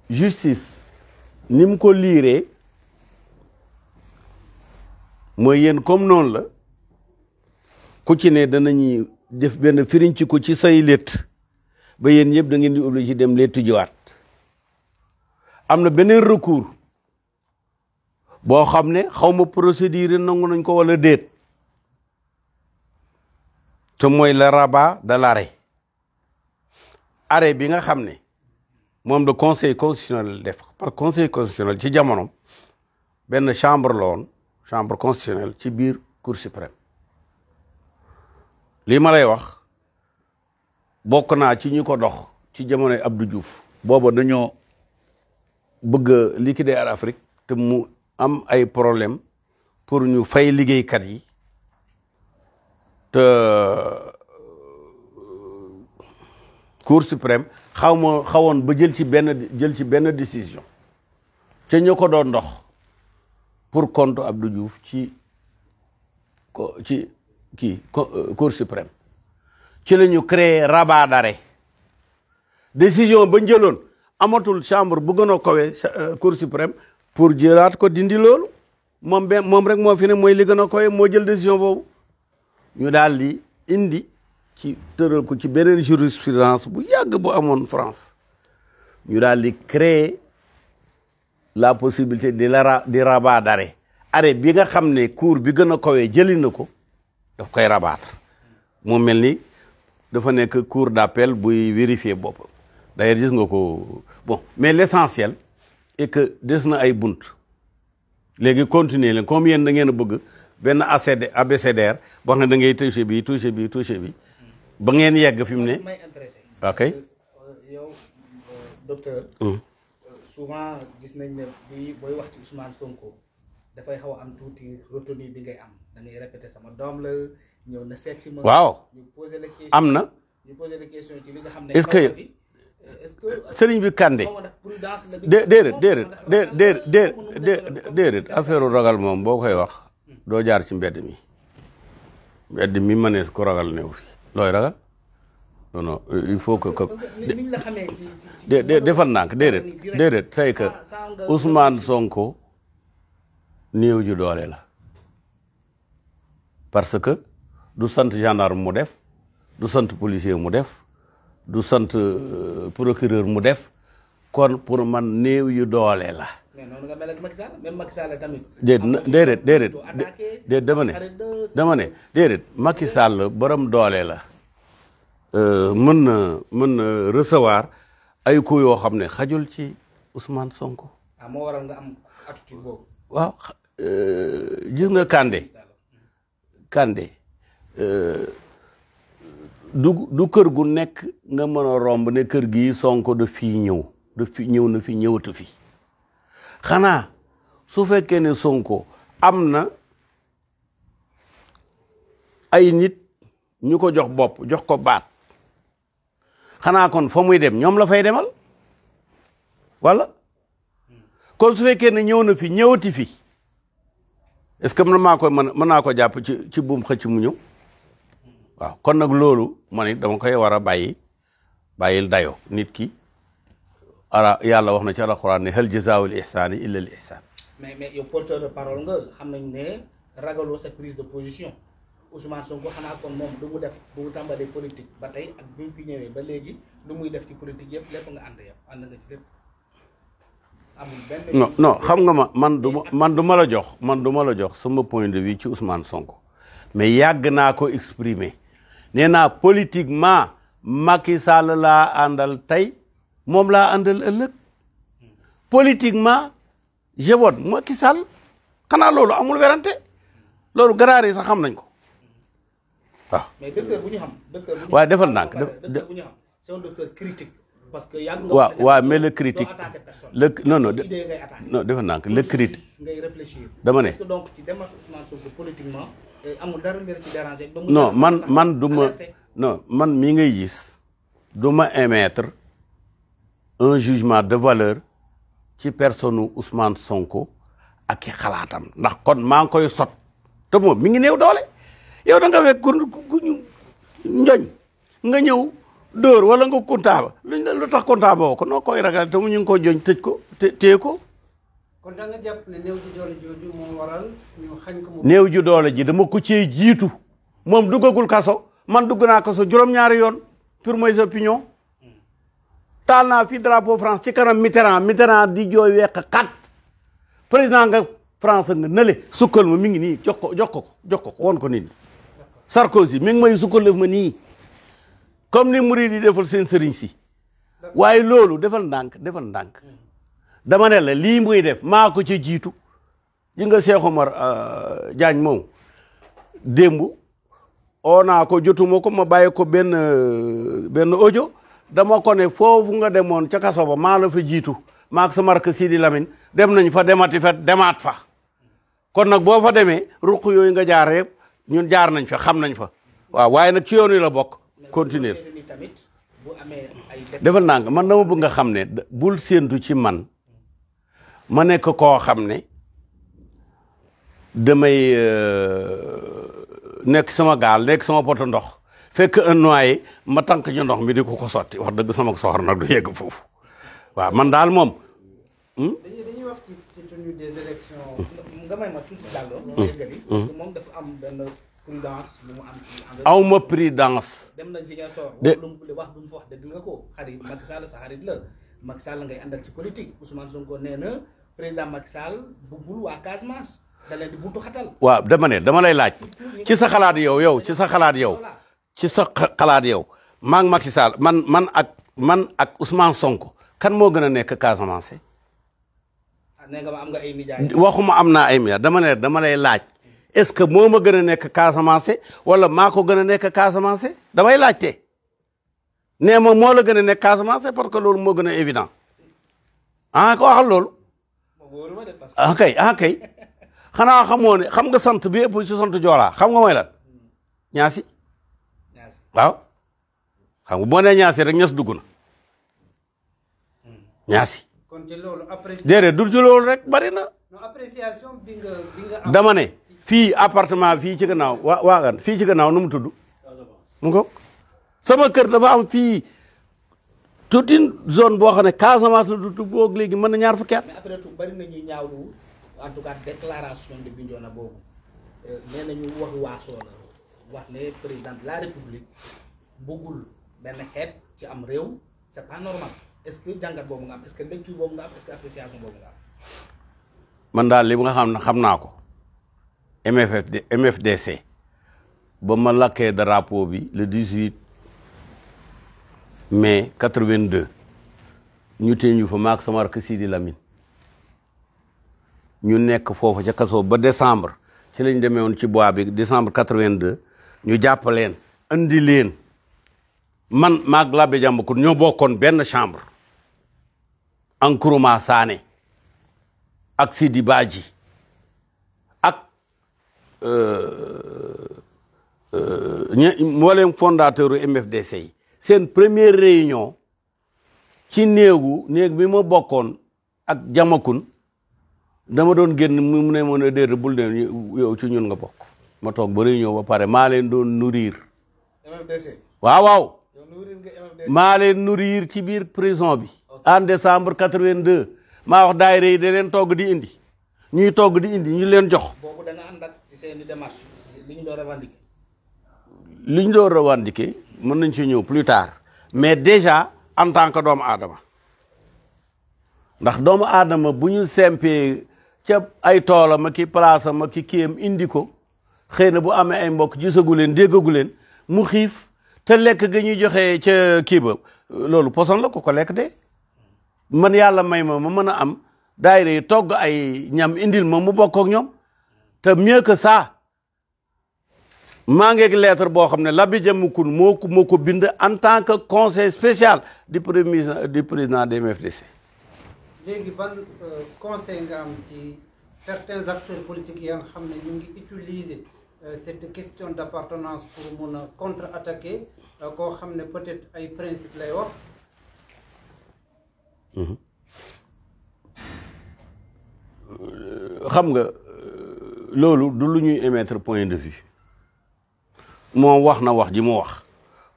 justice nim ko liiree mooy yéen comme noonu la ku ci ne danañuy def benn firiñ ci ko ci say létt ba yéen ñëpp da ngeen di obligé dem léttu jiwaat am na beneen recours boo xam ne xaw ma procédure nangu nañ ko wala déet te mooy le rabat de l'arrêt arrêt bi nga xam ne moom le conseil constitutionnel def par conseil constitutionnel ci jamono benn chambre la woon chambre constitutionnelle ci biir cour suprême lii ma lay wax bokk naa ci ñi ko dox ci jamonoy Abdou Diouf booba dañoo bëgg liquider Air Afrique te mu am ay problème pour ñu fay liggéeykat yi te euh, cour suprême xaw ma xawoon ba jël ci benn jël ci benn décision te ko doon ndox pour compte Abdou juuf ci ko ci kii euh, cour suprême ci la ñu créé rabat d'arrêt décision ba jëloon amatul chambre bu gën a kawe euh, cour suprême pour jëlaat ko dindi loolu moom benn moom rek moo fi mooy li gën a koy moo jël décision boobu ñu daal di indi ci tëral ko ci beneen jurisprudence bu yàgg bu amoon France ñu daal di créer la possibilité di la di rabat arrêt bi nga xam ne cour bi gën a kawee jëli na ko daf koy rabattre mu mel ni dafa nekk cour d'appel buy vérifier bopp d'ailleurs gis nga ko bon mais l'essentiel et que des na ay bunt léegi continuer leen comme yéen da ngeen a bëgg benn ACD abécédaire boo xam ne da ngay touché bi touché bi touché bi ba ngeen yegg fi mu ne. ok. Euh, euh, yow euh, docteur. souvent gis nañ ne bii booy wax ci Sonko dafay xaw a am tuuti retenue bi ngay am da ngay sama doom la ñëw na seet si ma. waaw am na ñu posé la li nga xam ne. sëriñ bi Kande dé déedéet déedéet déedéet déedéet déedéet affaire ragal moom boo koy wax doo jaar ci mbedd mi mbedd mi mënees ko ragal néew fi looy ragal non non il faut que que de defal nànk déedéet déedéet tey que Ousmane Sonko néew ju doole la parce que du sant gendarme mu def du sant policier mu def. du sant euh, procureur mu def kon pour man néew yu doole la. mais noonu nga mel ak Macky Sall même Macky Sall tamit. déedéet déedéet déedéet dama ne dama ne déedéet Macky Sall borom doole la. Euh, mën na mën na recevoir ay coups yoo xam ne xajul ci Ousmane Sonko. ah moo waral nga am attitude boobu. waaw euh, gis nga Kandé Kandé. du du kër gu nekk nga mën a romb ne kër gi Sonko da fii ñëw da fi ñëw na fi ñëwatu fi xanaa su fekkee ne Sonko am na ay nit ñu ko jox bopp jox ko baat xanaa kon fa muy dem ñoom la fay demal walla kon su fekkee ne ñëw na fi ñëwati fii est-ce que mën maa koy mën mën naa ko jàpp ci ci buum xëcc mu ñëw waaw kon nag loolu man it dama koy war a bàyyi bàyyil dayo nit ki ara yàlla wax na ci alquran ne hal jazaawul ihsaani illa ihsaan mais mais yow porteur nga xam nañ ne ragaloo sa de position Ousmane Sonko xanaa kon moom lu mu def bu politique ba tey ba léegi lu muy def ci politique yëpp lépp nga ànd yow ànd nga ci xam nga ma man du ma man du ma la jox man du ma la jox suma point de vue ci Ousmane Sonko mais yàgg naa ko exprimer nee naa politiquement Macky Sall laa àndal tey moom laa àndal ëllëg politiquement je vote Macky Sall xanaa loolu amul werante loolu garaar yi sax xam nañ ko waaw. mais waaye defal naa ko. c'est parce que yàgg nga waaw waaw le critique le non non non defe naa ko le critique dama ne parce que donc eh, man man du ma man mii ngay gis du ma émettre un jugement de valeur ci personne Ousmane Sonko ak ki xalaatam ndax kon maa ngi koy sot te moom mi ngi néew doole yow da fekk ku njoñ nga ñëw dóor wala nga comptable luñ lu tax comptable woo ko noo koy ragal te mu ñu ko joñ tëj ko téye ko. kon da doole xañ néew ju doole ji dama ko cee jiitu moom duggagul kaso man dugg naa kaso juróom-ñaari yoon pour mes opinions taal naa fii drapeau France ci kanam Mitterrand Mitterrand di jooy weq xat président nga France nga nële sukkal ma mi ngi nii jox ko jox ko ko ko nit ñi Sarkozy mi sukkal def ma nii. comme ni murid yi defal seen sëriñ si waaye loolu defal ndànk defal ndànk dama ne la lii muy def maako ko ca jiitu yi nga Cheikh Omar jaañ euh, moom démb oo naa ko jotuma ko ma bàyyi ko benn euh, benn audio dama kone foofu nga demoon ca kaso ba maa la fa jiitu maak ak sa marque Sidi Lamine dem nañ fa demati fa demaat fa kon nag boo fa demee ruq yooyu nga jaar yëpp ñun jaar nañ fa xam nañ fa waaw waaye nag ci yoon yi la bokk continuer defal naa nga man dama bëgg nga xam ne bul séentu ci man ma nekk koo xam ne damay euh, nekk sama gaal nekk sama poto ndox fekk un noyé ma tànk ñu ndox mi di ko ko sotti wax dëgg sama soxor nag du yegg foofu waaw man daal moom. Hmm? aw ma prudence. dem na Ziguinchor. de wax lu mu fa wax dëgg nga ko xarit Macky Sall sa xarit la Macky Sall ngay àndal ci politique Ousmane Sonko nee na président Macky Sall buggul waa Casamance da leen di buntu xatal. waaw dama ne dama lay laaj ci sa xalaat yow yow ci sa xalaat yow ci sa xalaat yow maa ngi Macky man man ak man ak Ousmane Sonko kan moo gën a nekk Casamance. Ah, nee nga ma am nga waxuma am naa ay médias dama ne dama lay laaj. est-ce que moo ma gën a nekk Casamance wala maa gën a nekk Casamance damay laajte nee ma moo la gën a nekk Casamance parce que loolu moo gën a évident ah ko waxal loolu. ah kay ah kay xanaa xamoo ne xam nga sant bi yëpp ci sant Joolaa nga mooy hmm. ñaasi. waaw xam nga boo nee ñaasi rek ñas dugg na hmm. ñaasi. kon ci loolu du ci rek bari na. non fii appartement fii ci gannaaw waa waagan fii ci gannaaw nu mu tudd mu sama kër dafa am fii toute une zone boo xam ne Casamance la du léegi mën na ñaar fukki at mais bari na ñuy ñaawlu en tout cas déclaration de Bignona boobu euh, nee nañu wax waasoo la wax ne président de la république bëggul xeet ci am réew c'est pas normal est-ce que jàngat boobu nga am que lecture boobu nga am est-ce que boobu nga am man daal li nga xam ne xam naa ko MFD MFDC ba ma lakkee drapeau bi le 18 mai 82 ñu tee ñu fa maak sama rakk Sidi Lamine ñu nekk foofu ca kaso ba décembre ci lañ demee woon ci bois bi décembre 82 ñu jàpp leen andi leen man maag Labé Diambacoune ñoo bokkoon benn chambre Nkrumah Sané ak Sidi Badji Euh, euh, ña mbooleem fondateur u MFDC yi seen première réunion ci néegu néeg bi ma bokkoon ak jamakun dama doon génn mu ne moon a déet bul ne yow ci ñun nga bokk ma toog ba réunion ba pare maaleen doon nourrir waawaw waaw nuriir ci biir prison bi en décembre 82 maa wax daayira yi da leen togg di indi ñuy togg di indi ñu leen jox seeni démarche li ñu doon revendiquer. li ñu doon revendiquer mën nañ ci ñëw plus tard mais déjà en tant que doomu aadama ndax doomu aadama bu ñu sempee ca ay toolam ak i palaasam ak i kiyam indi ko xëy na bu amee ay mbokk gisagu leen déggagu leen mu xiif te lekk ga ñuy joxe ca kii ba loolu poson la ko ko lekk de man yàlla may ma ma mën a am daayira yi togg ay ñam indil ma mu bokk ak ñoom te mieux que ça maa ngeeg lettre boo xam ne Labi Diamecoune moo ko moo ko bind en tant que conseil spécial du premier du président des MFDC. léegi ban euh, conseil nga am ci certains acteurs politiques yi nga xam ne ñu ngi utiliser euh, cette question d' appartenance pour mun a contre attaquer euh, koo xam ne peut être ay principe lay wax. xam nga. loolu du lu ñuy émettre point de vue moom wax na wax ji mu wax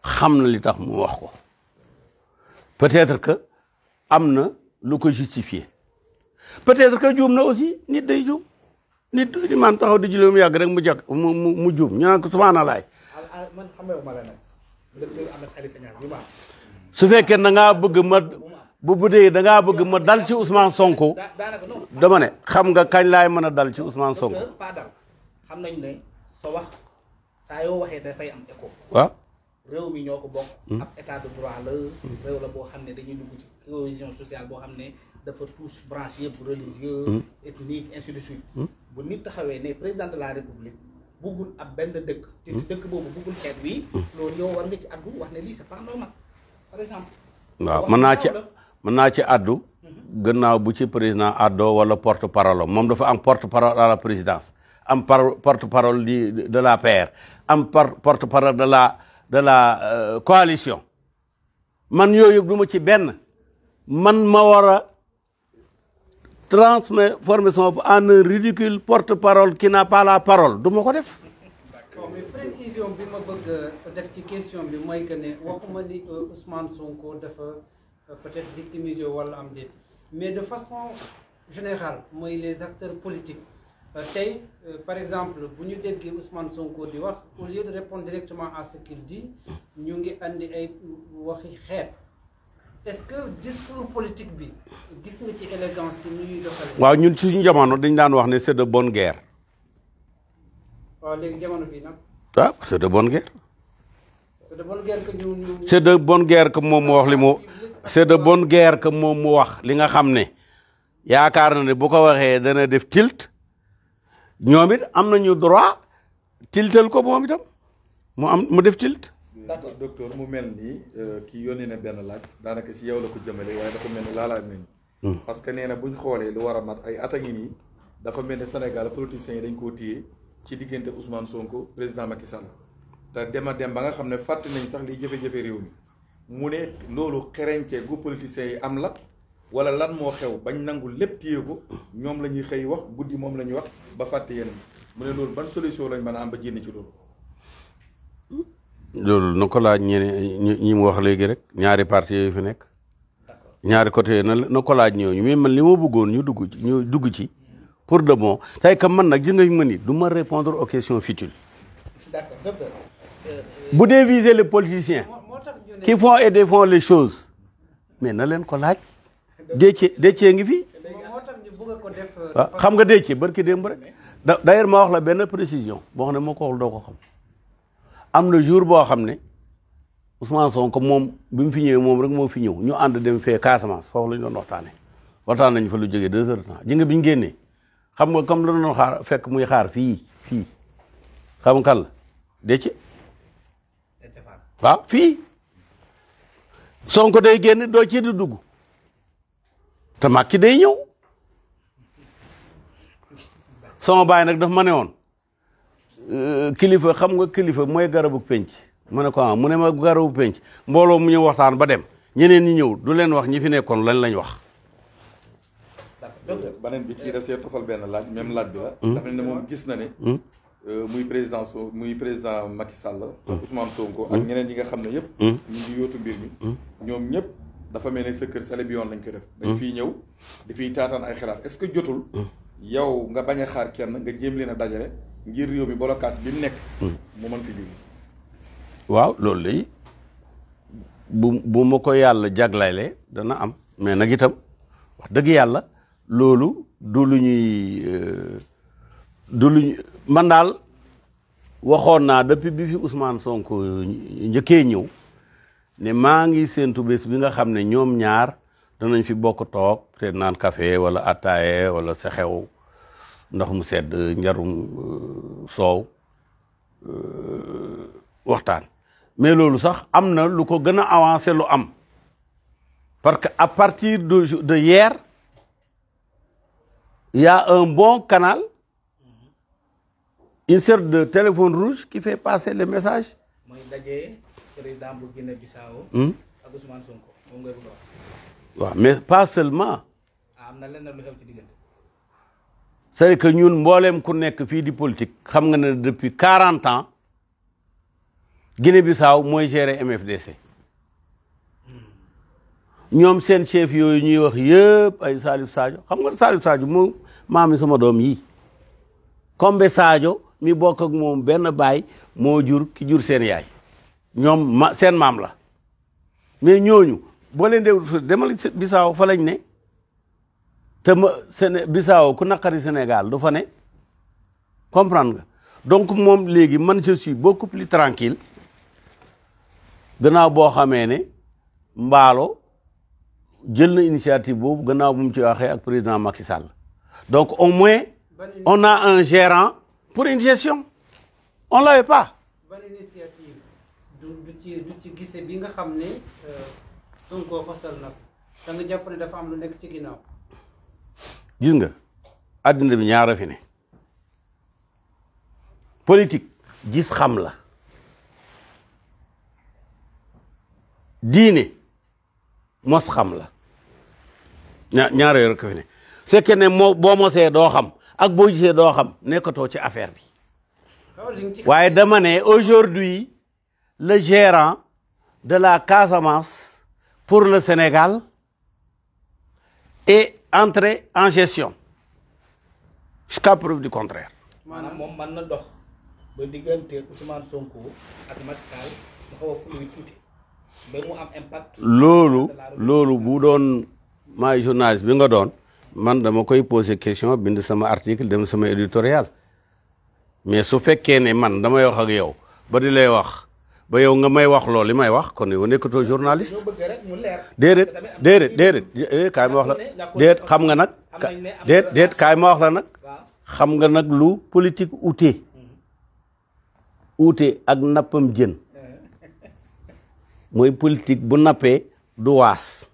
xam na li tax mu wax ko peut-être que am na lu ko justifier peut-être que juum na aussi nit day juum nit di man taxaw di julli mu yàgg rek mu jag mu mu mu juum ñu naan ko subhanallah su fekkee na bëgg ma bu bu dee da ngaa bëgg ma dal ci Ousmane Sonko dama ne xam nga kañ laay mën a dal ci Ousmane Sonko. pas xam nañ ne sa wax saa yoo waxee dafay am écho. waaw réew mi ñoo ko bokk. Hmm. ab état de droit la. Hmm. la boo xam ne dañuy dugg ci cohésion boo xam ne dafa tous branche yëpp religieux. Hmm. ethnique ainsi de suite. bu nit taxawee ne président de la république. buggul ab benn dëkk ci dëkk boobu buggul xeet wi loolu yow war nga ci addu wax ne lii c'est pas normal par exemple waaw mën naa ci mën naa ci àddu gannaaw bu ci président àddoo wala porte parole moom dafa am porte parole à la présidence am porte parole di de la PR am porte parole de la de la euh, coalition man yooyu du ma ci benn man ma war a transformer son bopp en ridicule porte parole qui n'a pas la parole duma ko def. ci question bi mooy que peut-être victimiser wala am déet mais de façon générale mooy les acteurs politiques euh, tey euh, par exemple bu ñu déggee Ousmane Sonko di wax au lieu de répondre directement à ce qu'il dit ñu ngi andi ay waxi xeet est-ce que discours politique bi gis nga ci élégance ci ni ñuy doxalee. waaw ñun suñ jamono dañ daan wax ne c'est de bonne guerre. waaw léegi jamono bii nag. waaw ah, c'est de bonne guerre. c'est de bonne guerre que ñu. c'est de bonne guerre que moom moo wax li mu. c'est de bon guerre que moom mu wax li nga xam ne yaakaar na ne bu ko waxee dana def tilt ñoom it am nañu droit tiltal ko moom itam mu am mu def tilt. d'accord docteur mu mel nii euh, kii yónnee na benn laaj daanaka si yow la ko jëmale waaye dafa mel ni laalaat nañu. Hmm. parce que nee na bu ñu xoolee lu war a mat ay at a ngi nii dafa mel ni Sénégal politiciens yi dañ koo téye ci diggante Ousmane Sonko président Macky Sall te dem a dem ba nga xam ne fàtte nañ sax liy jafe-jafe réew mi. mu ne loolu xereñte gu politiciens yi am la wala lan moo xew bañ nangu lépp téye ko ñoom la ñuy xëy wax guddi moom la ñuy wax ba fàtte yéen mu ne loolu ban solution lañ mën a am ba génn ci loolu. loolu na ko laaj ñeneen ñi mu wax léegi rek ñaari parti yooyu fi nekk. ñaari côté na na ko laaj ñooñu mais man li ma bëggoon ñu dugg ci ñu dugg ci pour de bon tey ka man nag ji nga ma ni du ma répondre aux questions futiles. Euh, bu dee viser les politiciens. qui font et défend les choses mais na leen ko laaj. décce décce ngi fi. waaw ah, xam nga décce barki démb rek d'ailleurs ma wax la benn précision boo xam ne moo ko doo ko xam am na jour boo xam ne Ousmane Sonko moom bi fi ñëwee moom rek moo fi ñëw ñu ànd dem fee Casamance foofu la ñu doon waxtaanee waxtaan nañ fa lu jógee deux heures de temps nga bi ñu génnee xam nga comme la doon xaar fekk muy xaar fii fii xam nga kan la décce fii. Sonko day génn doo ci di dugg te Macky day ñëw sama baay nag daf ma ne woon euh, kilifa xam nga kilifa mooy garabu pénc ma ne ko ah mu ne ma garabu penc mbooloo mu ñëw waxtaan ba dem ñeneen ñi ñëw du leen wax ñi fi nekkoon lan lañ wax. beneen bi kii daf see laaj hmm? gis na ne. Euh, muy président so muy président Macky Sall. ak hmm. Ousmane Sonko ak hmm. ñeneen yi nga xam ne yëpp. Hmm. ñu ngi yóotu mbir mi. ñoom ñëpp dafa mel ne sa kër sale bi yoon lañ ko def. dañ fiy ñëw di fiy taataan ay xalaat est-ce que jotul. yow nga bañ a xaar kenn nga jéem leen a dajale ngir réew mi bolokaas bi mu nekk. mu mën fi jóge. waaw loolu lay bu bu ma ko yàlla jaglayle dana am mais nag itam wax dëgg yàlla loolu du lu ñuy euh, du lu ñuy man daal waxoon naa depuis bi fi Ousmane Sonko njëkkee ñëw ne maa ngi séentu bés bi nga xam ne ñoom ñaar danañ fi bokk toog te naan café wala attaaye wala sexew ndox mu sedd njarum euh, soow euh, waxtaan mais loolu sax am na lu ko gën a avancé lu am parce que à partir de de hier yaa a un bon canal une sorte de téléphone rouge qui fait passer le message. mooy daje président bu Guinée Bissau. Hmm? mais pas seulement. Ah, na lenn lu que ñun mbooleem ku nekk fii di politique xam nga ne depuis quarante ans Guinée Bissau mooy gérer MFDC. Hmm. ñoom seen chef yooyu ñuy wax yëpp ay Salif Sadio xam nga Salif Sadio moo maami sama doom yi Kombe saajo mi bokk ak moom benn baay moo jur ki jur seen yaay ñoom ma seen maam la mais ñooñu boo leen dee demal Bissau fa ne te ma Séné Bissau ku naqari Sénégal du fa ne comprendre ga donc moom léegi man je suis beaucoup plus tranquille gannaaw boo xamee ne mbaalo jël na initiative boobu gannaaw bu mu ci waxee ak président Macky donc au moins on a un gérant pour une gestion on l'avait pas. ban initiative du du ci gisee bi nga xam ne euh, Sonko xosal na da nga jàpp ne dafa am lu nekk ci ginnaaw. gis nga àddina bi ñaara fi ne politique gis xam la diine mos xam la ñaar ñaara yor ko fi ne su ne moo boo mosee doo xam. ak boo gisee doo xam nekkatoo ci affaire bi waaye dama ne aujourd'hui le gérant de la Casamance pour le Sénégal est entré en gestion jusqu'à preuve du contraire. maanaam moom mën na dox ba diggante Ousmane Sonko ak Macky Sall mu loolu loolu bu doon maay journaliste bi nga doon. man dama koy poser question bind sama article dem sama éditorial mais su fekkee ne man damay wax ak yow ba di lay wax ba yow nga may wax loolu li may wax kon yow nekkatoo journaliste déedéet déedéet déedéet kaay ma wax la déet xam nga nag déet déet kaay ma wax la nag xam nga nag lu politique uute uute ak nappam jën mooy politique bu nappee du waas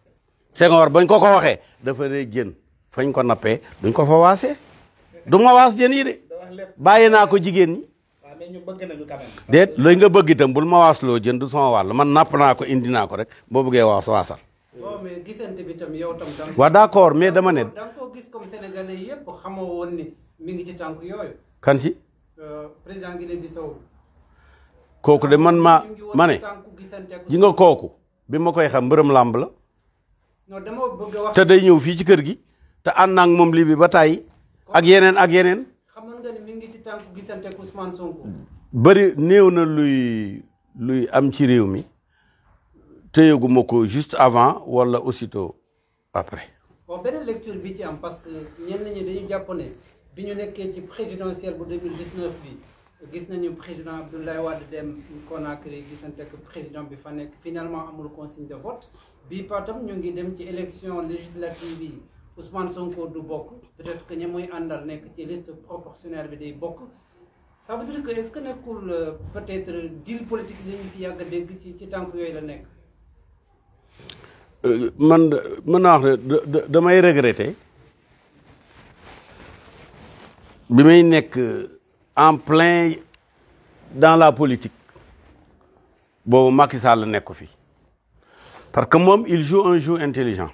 Senghor bañ ko ko waxee dafa ne jën fañ ko nappee duñ ko fa waasee du ma waas jën yii de bàyyi naa ko jigéen ñi déet looy nga bëgg itam bul ma waas loo jën du sama wàll man napp naa ko indi naa ko rek boo bëggee waas waasal waa d'accord mais dama ne da nga ko gis comme sénégalais yëpp xamoo woon ngi ci tànk yooyu kan ci euh, kooku de man ma ma ne ji nga kooku bi ma koy xam mbërëm làmb la te day ñëw fii ci kër gi te ànd naa moom lii bi ba tàyyi ak yeneen ak yeneen. xam nga ni mi ngi ci tànk gisante ak Ousmane Sonko. bëri néew na luy luy am ci réew mi téyeguma ko juste avant wala aussitôt après. bon beneen lecture bi ci am parce que ñenn ñi dañu jàpp ne bi ñu nekkee ci présidentielle bu 2019 bi gis nañu président Abdoulaye Wade dem Conakry gisante ak président bi fa nekk finalement amul consigne de vote bii patam ñu ngi dem ci élection législative yi. Ousmane Sonko du bokk peut-être que ñi muy àndal nekk ci liste proportionnelle bi day bokk ça veut dire que est-ce que nekkul euh, peut-être deal politique li ñu fi yàgg a ci tànk yooyu la nekk. Euh, man mën naa wax ne damay regretter bi may nekk euh, en plein dans la politique boobu Macky Sall nekk ko fi parce que moom il joue un jeu intelligent.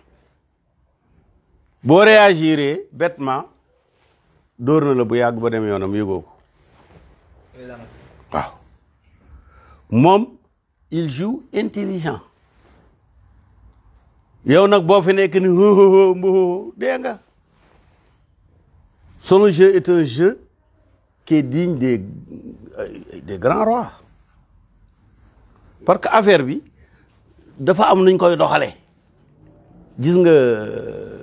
boo réagiree bêtement dóor na la bu yàgg ba dem yoonam mu ko waaw moom il joue intelligent yow nag boo fi nekk ni hohoho mbohoo dee nga son jeu est un jeu qui est des euh, des grands rois parce que affaire bi dafa am nuñ koy doxale gis nga euh,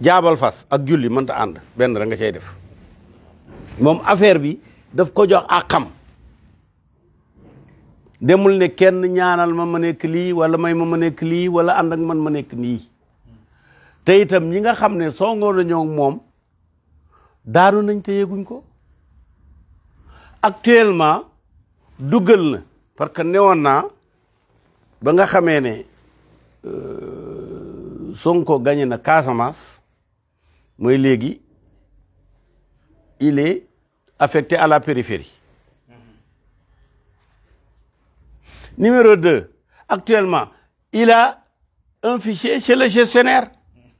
jaabal fas ak julli mënta ànd benn rek nga cay def moom affaire bi daf ko jox ak xam demul ne kenn ñaanal ma ma nekk lii wala may ma ma nekk lii wala ànd ak man ma nekk nii te itam ñi nga xam ne songoo nañoo moom daanu nañ te ko actuellement duggal na parce que newoon naa ba nga xamee ne euh, Sonko gagné na Casamance mooy léegi il est affecté à la périphérie numéro deux actuellement il a un fichier chez le gestionnaire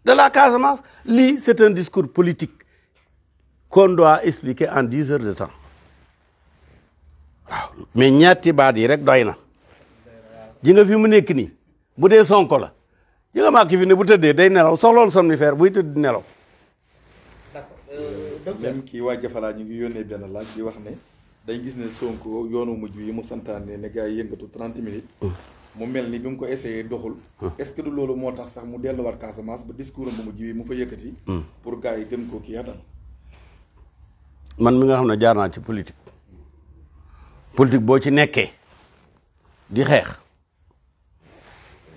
de la Casamance lii c'est un discours politique qu'on doit expliquer en dix heures de temps waaw mais ñaati baat yi rek doy na ji nga fi mu nekk nii bu dee sonko la ji nga màgg fi ne bu tëddee day nelaw soxlool somnifère buy tëdd nelaw même kii waa Jafalaa ñu ngi yónnee benn laaj di wax ne dañ gis ne Sonko yoonu mujj yi mu santaane ne gaa yi yëngatu 30 minutes. mu mel ni bi mu ko essayé doxul. est-ce que du loolu moo tax sax mu delluwaat Casamance ba discours mu mu mujj bi mu fa yëkkati. pour gars yi gën koo kii yaatal. man mi nga xam ne jaar naa ci politique. politique boo ci nekkee. di xeex.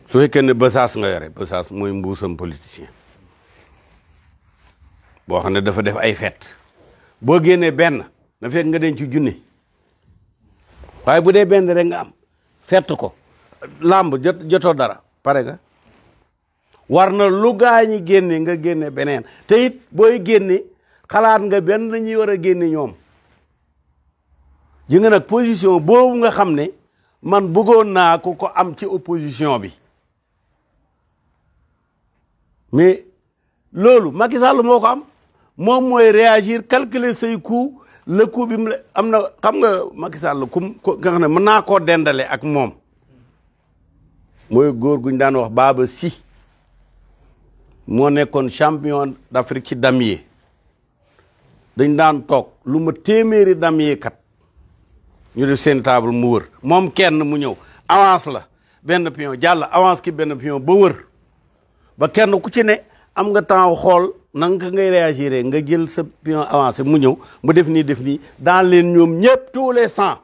su fekkee ne basaas nga yore basaas mooy mbuusam politicien. boo xam ne dafa def ay fête boo génnee benn na fekk nga denc junni waaye bu dee benn rek nga am fett ko làmb jot jotoo dara pare nga war na lu gaa ñi génne nga génne beneen te booy génne xalaat nga benn ñuy war a génne ñoom ji nga nag position boobu nga xam ne man buggoon naa ko ko am ci opposition bi mais loolu Macky Sall moo ko am moom mooy réagir calculer say coût le coût bi mu am na xam nga Macky Sall kum ko nga ne mën naa koo dendale ak moom mooy góor guñ daan wax Baba si moo nekkoon champion d'Afrique ci damier dañ daan toog lu ma téeméeri damier kat ñu def seen table mu wër moom kenn mu ñëw avance la benn pion jàll avance ki benn pion ba wër ba kenn ku ci ne am nga temps xool nanga ngay réagir nga jël sa pion avancé mu ñëw mu def nii def nii dans leen ñoom ñëpp tous les cent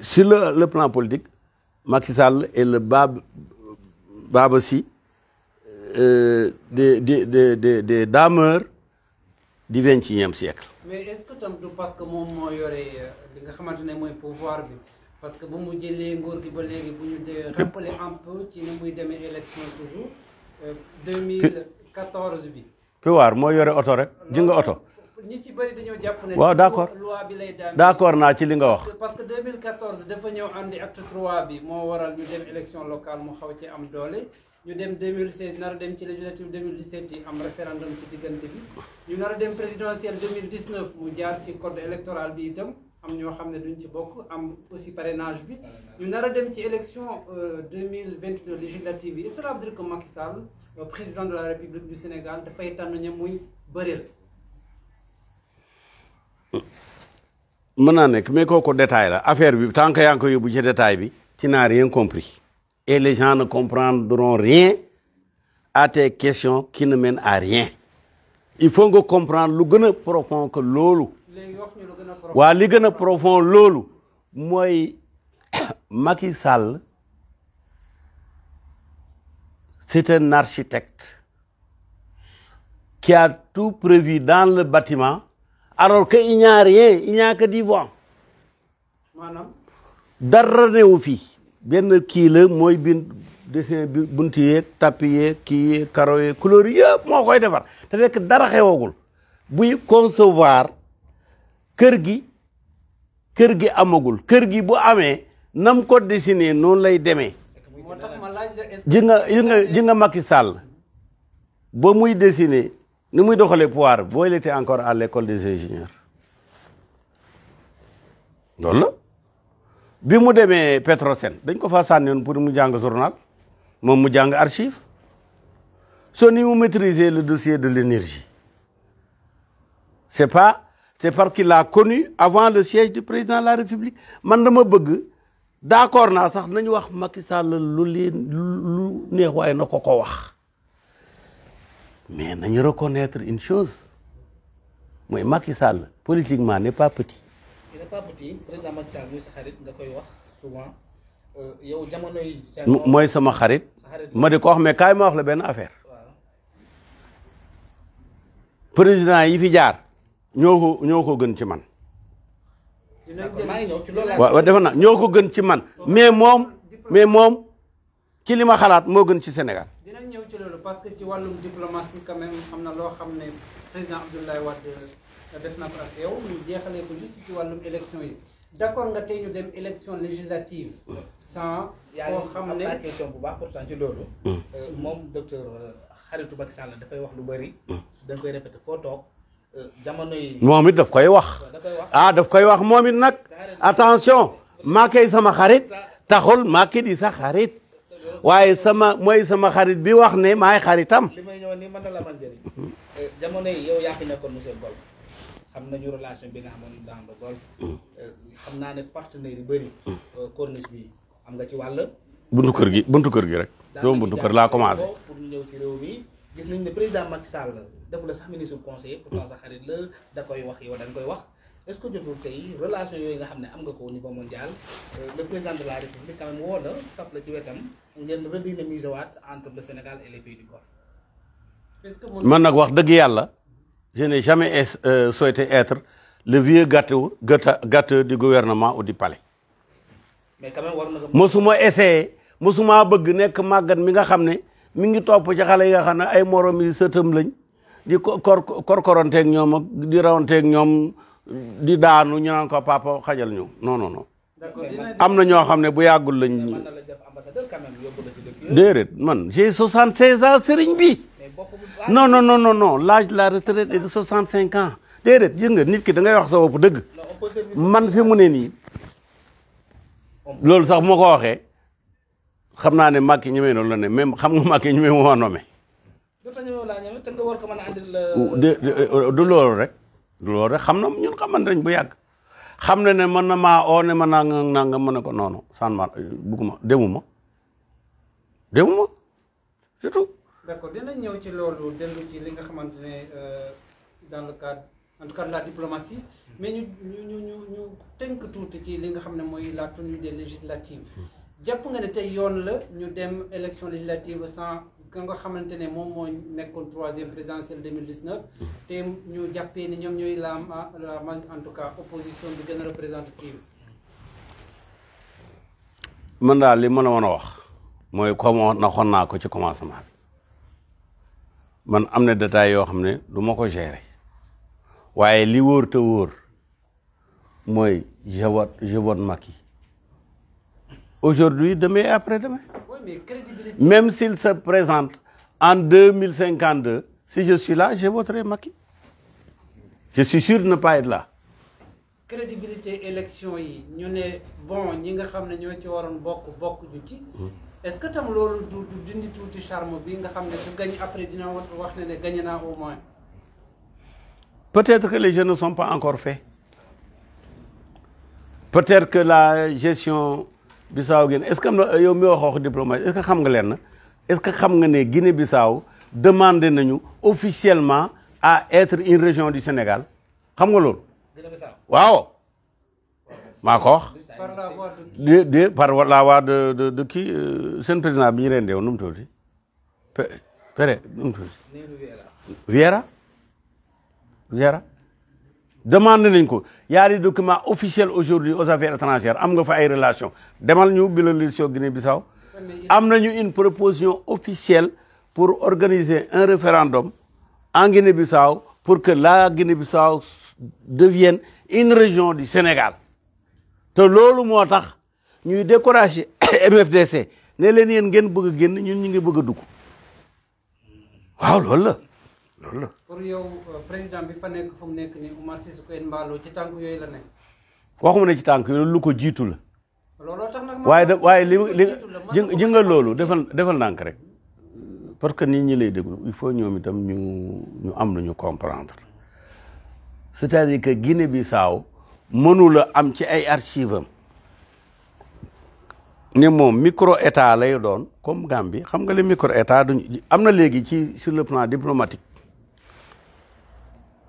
sur le, le plan politique Macky Sall est le bab Babassi euh, des des des des des dameurs du vingt et unième siècle. mais est-ce que tam du parce que moom moo yore euh, li nga xamante ne mooy pouvoir bi. parce que bu mu jëlee nguur bi ba léegi bu ñu de rappeler un peu ci ni muy demee élection toujours 2014 euh, bi. Piwaar moo yore oto rek ji nga oto. ñi ci bari dañoo jàpp ne. waaw d' accord loi bi accord naa ci li nga wax. parce que 2014 dafa ñëw andi acte 3 bi moo waral ñu dem élection locale mu xaw ci am doole ñu dem 2016 nar a dem ci législative 2017 yi am référendum ci diggante bi ñu nar a dem présidentielle 2019 mu jaar ci code électoral bi itam. am ñoo xam ne duñ ci bokk am aussi parrainage bi ñu nar a dem ci élection euh, deux mille vingt deux législative yi cela veut dire que Macky Sall euh, président de la République du Sénégal dafay tànn ña muy bëreel. mën naa nekk mais kooku détail la affaire bi tant que yaa ngi ko yóbbu ci détail bi tu n'as rien compris et les gens ne comprendront rien à tes questions qui ne mènent rien il faut nga comprendre lu gën a profond que loolu. waa li gën a profond loolu mooy Macky Sall c'est un architecte qui a tout prévu dans le bâtiment alors que il n'y a rien il n'y a que du vent maanaam dara newu fi benn kii la mooy bin dessin bi bunti yeeg tapis yeeg kii yeeg karo yeeg couleur yëpp moo koy defar te fekk dara xewagul buy consevoir kër gi kër gi amagul kër gi bu amee nam ko dessiné noonu lay demee ji nga ji nga ji nga ba muy dessiné ni muy doxalee pouvoir boo il était encore à l'école des ingénieurs loolu la bi mu demee Petrosen dañ ko faa sànniwoon pour mu jàng journal moom mu jàng archive soo ni mu maîtriser le dossier de l'énergie c'est pas c'est par qu'il l'a connu avant le siège du président de la République man dama bëgg d'accord na sax nañu wax Macky Sall lu leen lu neex waaye na ko ko wax mais nañu reconnaître une chose mooy Macky Sall politiquement n'est pas petit. il n'est pas petit président Macky Sall xarit nga koy wax souvent euh, yow jamono mooy sama xarit. ma di ko wax mais kaay ma wax la benn affaire. président yi fi jaar. ñoo ko ñoo gën ci man. waaw defe naa ñoo ko gën ci man mais moom mais moom ci li xalaat moo gën ci Sénégal. dinañ ñëw ci loolu parce que ci wàllum diplomatie quand même xam na loo xam ne président Abdoulaye Wade euh, def na ko ak yow ñu jeexalee ko juste ci wàllum élection yi d' accord nga tey ñu dem élection législative. sans koo yaa ngi question bu baax pourtant ci loolu. Mm. Euh, moom docteur euh, xaritu Macky Sall dafay wax lu bëri. Mm. dañ koy répété foo toog. moom it daf koy wax ah daf koy wax moom it nag attention maa koy sama xarit taxul maa ki di sa xarit waaye sama mooy sama xarit bi wax ne maay xaritam. li may ñëw nii mën na la man jëriñ eh, jamono yi yow yaa fi nekkoon monsieur relation bi nga amoon hmm. eh, xam naa ne partenaire yu bëri hmm. eh, corniche bi am nga ci wàll. buntu kër gi buntu kër gi rek. doomu buntu kër laa commencé. pour ñu ñëw ci réew mi gis nañ ne président Macky Sall defu la sax ministre conseiller pourtant sa xarit la da koy wax yow da nga koy wax est-ce que jotul tey relation yooyu nga xam ne am nga ko au niveau mondial euh, le président de la taf la ci wetam ngeen redynamiser waat entre le Sénégal et les pays du ce que man nag wax dëgg yàlla je n'ai jamais euh, souhaité être le vieux gâteau gâteau du gouvernement ou du palais. mais quand même war na mosuma essayé mosuma bëgg nekk màggat mi nga xam ne mi ngi topp ci xale yi nga xam ne ay morom yi sëtam lañ. di ko kor korkoronteeg ñoom ak di rawanteeg ñoom di daanu ñu naan ko papa xajal ñu non non non. am na ñoo xam ne bu yàggul lañ. mën na la def ambassadeur quand même yóbbu la ci dëkk bi. non non non non non l'âge de la retraite ans déedéet gis nit ki da ngay wax sa bopp dëgg. man fi mu ne nii. loolu sax moo ko waxee xam naa ne Macky ñemee noonu la ne même xam nga Macky ñemee moo nommé. te nga war ko mën a andil euh, euh, du loolu rek du loolu rek xam na ñun xamante dañ bu yàgg xam na ne mën na ma oo ma nanga nanga mën ne ko noonu san ma bugguma demuma demuma surtout d'accord dinañ ñëw ci loolu dellu ci li nga xamante ne euh, dans le cadre en tout cas la diplomatie mais ñu ñu ñu ñu tenk tuuti ci li nga xam ne mooy la tenue des législatives hmm. jàpp nga ne tey yoon la ñu dem élection législative sans ka nga xamante ne moom moo nekkoon troisième présidentielle 2019 mm-hmm. te ñu jàppee ni ñoom ñooy la la en tout cas opposition bi gën a représentative li mën a mën a wax mooy comme na xoon naa ko ci commencement man am na détails yoo xam ne du ma ko gérer waaye li wóor te wóor mooy je vote aujourd'hui demain après demain Même s'il se présente en 2052, si je suis là, je voterai Macky. Je suis sûr de ne pas la là. crédibilité élection yi ñu ne bon ñi nga xam ne ñoo ci waroon bokk bokk ñu ci. est-ce que tam loolu du du dindi tuuti charme bi nga xam ne su gañ après dina wax ne ne gañ naa au moins. peut-être que les jeux ne sont pas encore faits. peut-être que la gestion. Bissau Guinée est ce que am na mi wax wax diplomate est ce que xam nga leen na est ce que xam nga ne Guinée Bissau demandé nañu officiellement à être une région du Sénégal xam nga lool waaw. ma ko wax. de de par la voix de de de kii euh, seen président bi ñu leen deewoon nu mu tuuti. pe pere nu mu tuuti. demandé nañ ko yaa des documents officiels aujourd'hui aux affaires étrangères am nga fa ay relations demal ñu bi la lilsio Guinée Bissau am nañu une proposition officielle pour organiser un référendum en Guinée Bissau pour que la Guinée Bissau devienne une région du Sénégal te loolu moo tax ñuy décourager MFDC ne leen yéen ngeen bëgg a génn ñun ñu ngi bëgg a dugg waaw loolu la loolu la. pour yow euh, président bi fa nekk fu ci tànk yooyu waxuma ne ci tànk yooyu lu ko jiitu la. looloo tax waaye da waaye loolu defal defal ndànk rek. parce que ni ñi lay déglu il faut ñoom itam ñu ñu am lu ñu comprendre c'est-à-dire que Guinée-Bissau mënula am ci ay archives am ne moom micro état lay doon comme Gambie xam nga le micro état am na léegi ci sur le plan diplomatique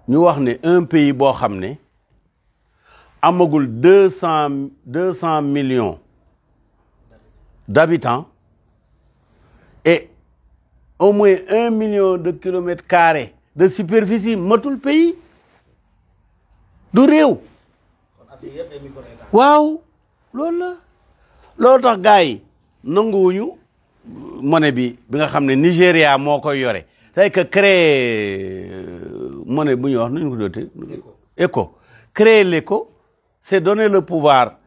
ñu wax ne un pays boo xam ne amagul deux cent deux cent millions d'habitants et au moins un million de kilomètre carrés de superficie matul pays du réew waaw loolu la loolu tax gars yi nanguwuñu monnaie bi bi nga xam ne Nigéria moo koy yore c'est que créer euh, monnaie bu ñuy wax nu ñu ko dootee. éco créer ko c'est donner le pouvoir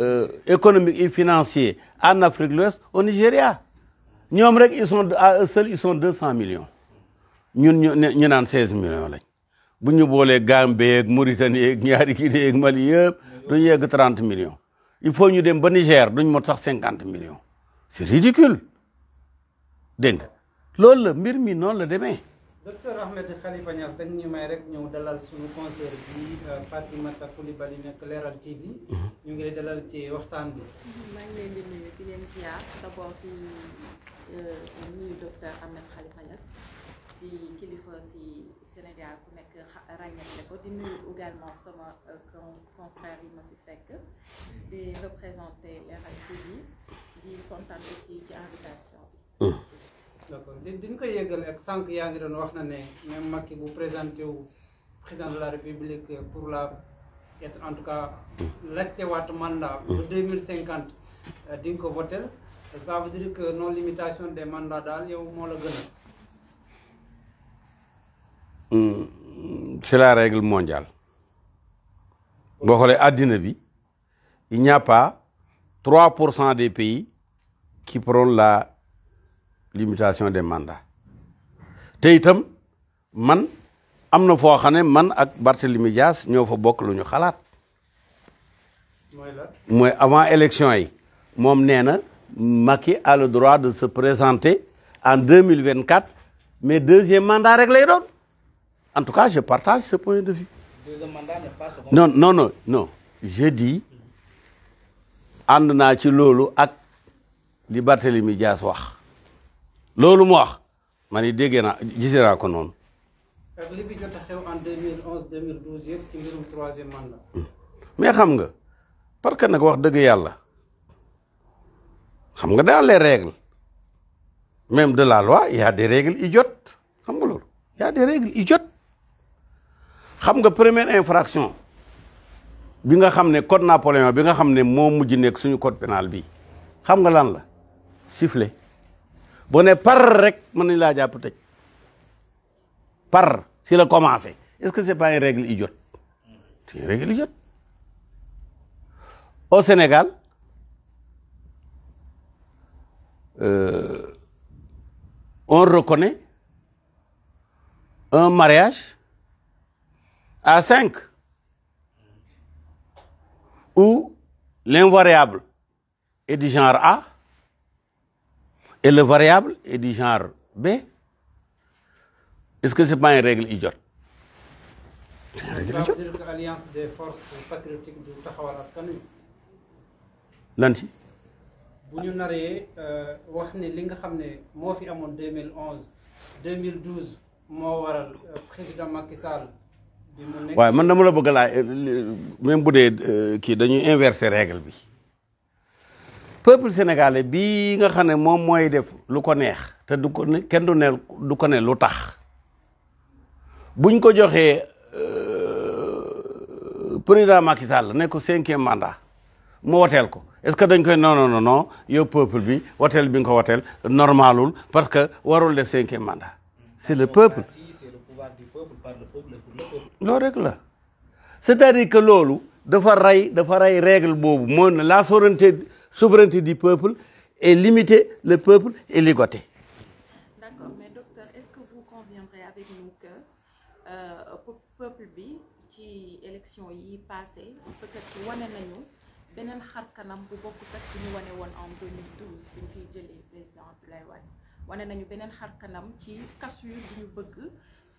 euh, économique et financier en Afrique de l'Ouest au Nigeria ñoom rek ils sont à sel seuls ils deux cent millions ñun ñu ñu naan seize millions lañ bu ñu boolee Gambie ak Mauritanie yeeg ñaari Guinée ak Mali yëpp duñu yegg trente millions il faut ñu dem ba Niger duñ mot sax cinquante millions c'est ridicule dégg nga loolu la mbir mi noonu la demee docteur Ahmed Khalifa Niass dañ ñu may rek ñëw dalal suñu concert bi euh, Fatimata Coulibaly nekk Leral TV mhm. ñu ngi dalal ci waxtaan bi mhm, maa ngi leen di nuyu di leen ziar d'abord di euh, nuyu docteur Ahmed Khalifa Niass di kilifa si Sénégal ku nekk ràññeekle ko di nuyu également sama euh, confrère yi ma fi fekk di représenter Leral TV di kontaan aussi ci invitation d'accord ko diñ ak sànq yaa ngi doon wax na ne même Macky bu présenté wu président de la république pour la être en tout cas laajte waatu mandat ba cinquante euh, di nga ko votel ça veut dire que non limitation des mandats daal yow moo la gën a hmm, c'est la règle mondiale boo àddina bi il n'y trois pour cent des pays qui la limitation des mandats te itam man am na foo xam ne man ak Barthélemy Dias ñoo fa bokk lu ñu xalaat. mooy avant élection yi moom nee na Macky a le droit de se présenter en deux mille vingt quatre mais deuxième mandat rek lay doon en tout cas je partage ce point de vue. deuxième mandat non non non non je dis ànd naa ci loolu ak li Barthélemy Dias wax. loolu moo wax ma ne déggee naa gisee ko noonu. li mais xam nga parce que nag wax dëgg yàlla xam nga daal les règles même de la loi il y a des xam nga loolu il y a des jot xam nga première infraction bi nga xam ne code Napoléon bi nga xam ne moo mujj nekk suñu code pénal bi xam nga lan la sifflet. boo ne par rek mën nañ laa jàpp tëj par fi la commencé est-ce que c'est pas une règle idiote c'est une règle idiote au Sénégal euh, on reconnaît un mariage à cinq où l'invariable est du genre A le variable et du genre B. Est-ce que c'est pas une règle idiote C'est une règle bu ñu naree euh, wax ni li nga xam ne moo fi amoon 2011 2012 moo waral euh, président Macky Sall. bi mu la bëgg laaj euh, même bu dee kii dañuy inverser régle bi. peuple sénégalais bii nga xam ne moom mooy def lu ko neex te du ko ne kenn du ne du ko ne lu tax buñ ko joxee euh, président Macky Sall ne ko cinquième mandat mu woteel ko est-ce que dañ koy non non non yow peuple bi woteel bi nga ko woteel normalul parce que warul def cinquième mandat c'est le peuple loolu rek la loolu dafa rey dafa rey règle boobu moo la souveraineté souveraineté du peuple et limiter le peuple et ligoter. D'accord, mais docteur, est-ce que vous conviendrez avec nous que euh, peuple bi ci élection yi passé peut-être wane nañu beneen xar kanam bu bokk ak ci ñu wane woon en 2012 bi ñu président Abdoulaye Wade wane nañu beneen xarkanam ci cassure bi ñu bëgg.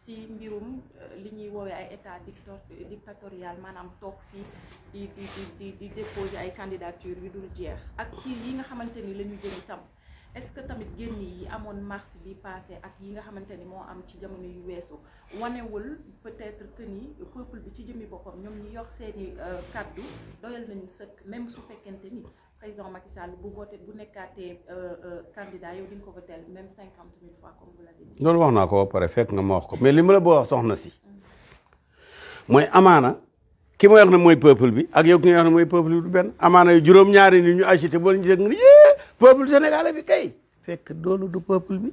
ci mbirum euh, li ñuy woowee ay état dictatorial maanaam toog fii di di di di ay candidature yu dul jeex ak ci yi nga xamante ni la ñu jëm itam est-ce que tamit génn yi amoon mars bi passé ak yi nga xamante ni moo am ci jamono yu weesu wanewul peut-être que ni peuple bi ci jëmmi boppam ñoom ñi yor seeni euh, kàddu doyal nañu sëkk même su fekkente ni président Macky Sall bu voté bu nekkaatee euh, euh, candidat yow cinquante mille wax naa ko ba pare fekk nga ma wax ko mais li ma la boo wax soxna si. mooy amaana ki ma wax ne mooy peuple bi ak yow ki nga wax mooy peuple bi du benn amaana yu juróom-ñaari nit ñu agité boo leen gisee nga yee peuple sénégalais bi kay fekk doolu du peuple bi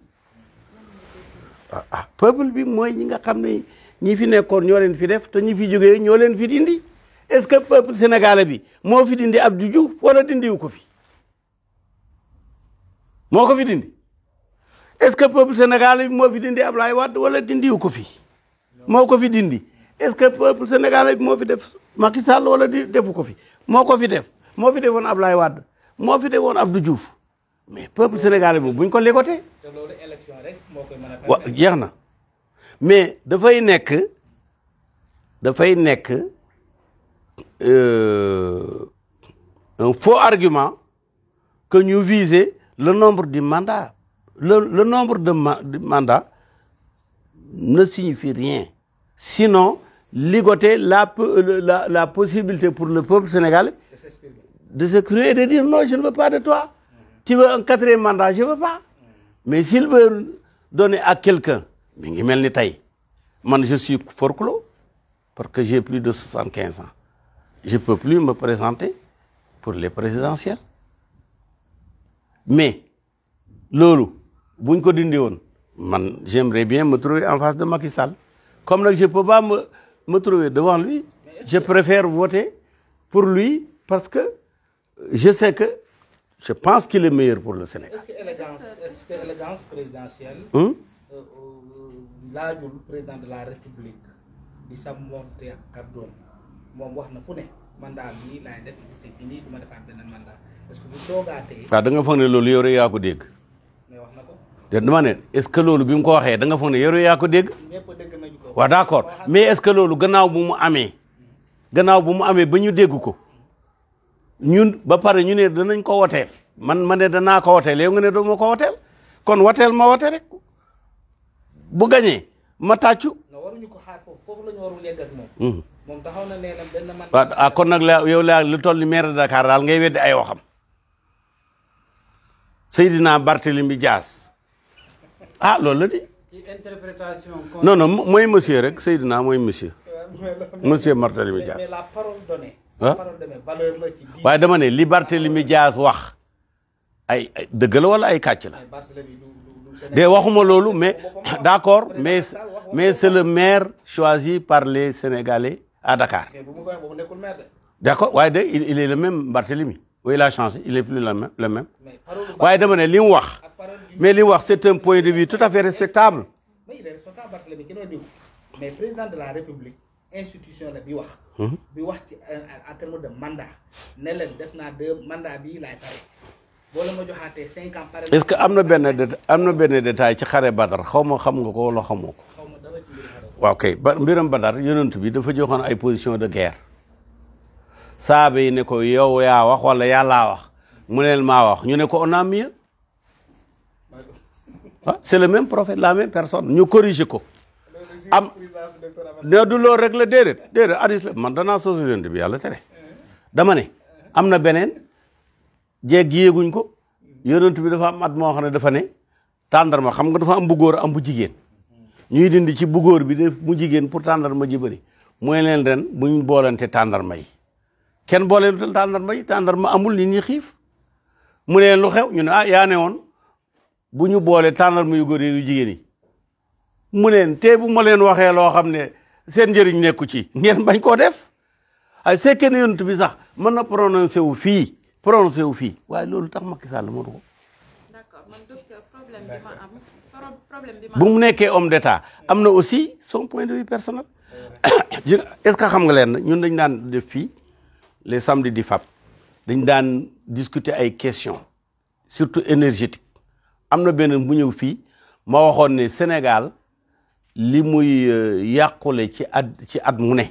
ah, ah peuple bi mooy ñi nga xam ne ñii fi nekkoon ñoo leen fi def te ñi fi jógee ñoo leen fi dindi. est-ce que peuple sénégalais bi moo fi dindi Abdou Diouf wala dindiwu ko fi moo ko fi dindi est-ce que peuple sénégalais bi moo fi dindi Ablaye Wade wala dindiwu ko fi moo ko fi dindi est-ce que peuple sénégalais bi moo fi def Macky Sall wala defu ko fi moo ko fi def moo fi defoon Ablaye Wade moo fi defoon Abdou Diouf mais peuple sénégalais boobu buñ ko ligoté. te loolu élection rek moo koy jeex na mais dafay nekk dafay nekk. euh, un faux argument que ñu viser le nombre du mandat le, le nombre de, ma, de mandats ne signifie rien sinon ligoter la, la, possibilité pour le peuple sénégalais de s'exprimer et de dire non je ne veux pas de toi mm-hmm. tu veux un quatrième mandat je veux pas mm-hmm. mais le veut donner à quelqu'un mi ngi mel ni tey man je suis fort clos parce que j'ai plus de soixante-quinze ans je peux plus me présenter pour les présidentielles mais loolu buñ ko dindi woon man j'aimerais bien me trouver en face de Macky comme nag je peux pas me me trouver devant lui je préfère voter pour lui parce que je sais que je pense qu'il est meilleur pour le Sénégal. est-ce que élégance hmm? euh, euh, la République sa monte moom wax na fu ne mandat bi ah, da nga foog loolu yow rek yaa ko dégg. mais wax na ko. ne est-ce que loolu bi mu ko waxee da nga foog ne yow rek dégg. ñëpp dégg nañu ko. waaw mais est-ce que loolu gannaaw bu mu amee. gannaaw bu mu amee ba ñu dégg ko. ñun ba pare ñu ne danañ ko woteel man ma ne danaa ko woteel yow nga ne doo ma ko woteel kon woteel ma wote rek bu gañee ma tàccu. ko xaar moom taxaw ah, kon nag la yow la lu toll ni maire Dakar daal ngay weddi ay waxam na Barthélemy Dias ah loolu la di. ci interprétation. non non mooy monsieur rek Seydina mooy monsieur. monsieur Barthélemy Dias. mais la parole dama ne li Barthélemy Dias wax ay dëgg la wala ay kàcc la. de waxuma loolu mais d'accord mais mais c'est le maire choisi par les Sénégalais. à Dakar. d'accord waaye de il est le même Barthélemy oui il a changé il waaye dama ne li mu wax mais li mu wax c'est un point de vue tout à fait respectable. mais il est respectable Barthélemy ki doon diw mais président de la République institution la bi wax. Mhm. bi wax ci en euh, terme de mandat ne def naa deux mandat bii laay pare boo la ma joxaatee cinq ans pare. est am na benn dé am na benn détail ci xare Badar xaw ma xam nga ko wala xamoo ko. waaw kay ba mbiram Badar yonent bi dafa joxoon ay position de guerre saaba yi ne ko yow ya wax wala yàllaa wax mu neen maa wax ñu ne ko on a mieux ah c'est le même prophète la même personne ñu corriger ko am ne du loolu rek la déedéet déedéet la man danaa sosu yonent bi yàlla tere dama ne am na beneen jeeg yéeguñ ko yonent bi dafa am at moo xam ne dafa ne ma xam nga dafa am bu góor am bu jigéen ñuy dindi ci bu góor bi def mu jigéen pour tàndarma ji bëri mooy leen ren ñu boolante tàndarma yi kenn booleelutal tàndarma yi tàndarma amul nit ñu xiif mu ne lu xew ñu ne ah yaa woon bu ñu boolee tàndarma yu góor yu jigéen yi mu leen te bu ma leen waxee loo xam ne seen njëriñ nekku ci ngeen bañ koo def ay sekkee kenn yonent bi sax mën na prononcé wu fii prononcé wu fii waaye loolu tax ma Sall mënu ko. d'accord man bu mu nekkee homme d'état am na aussi son point de vue personnel est-ce que xam nga leen na ñun dañ daan def fii les samedis di FAP dañ daan discuter ay questions surtout énergétique am na beneen bu ñëw fii ma waxoon ne Sénégal li muy euh, yàqule ci at ci at mu ne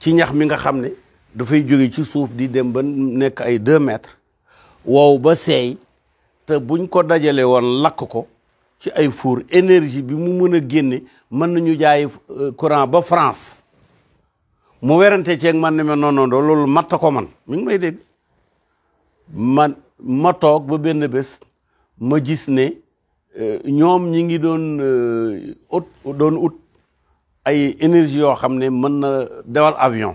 ci ñax mi nga xam ne dafay jóge ci suuf di dem ba nekk ay deux mètres wow ba seey te buñ ko dajale woon lakk ko ci ay four énergie bi mu mën a génne mën nañu jaay euh, courant ba France mu werante ceeg man ne ma non non loolu matt ko man mi ngi may dégg man ma toog ba benn bés ma gis ne euh, ñoom ñi ngi doon euh, ut doon ut ay énergie yoo xam ne mën na dewal avion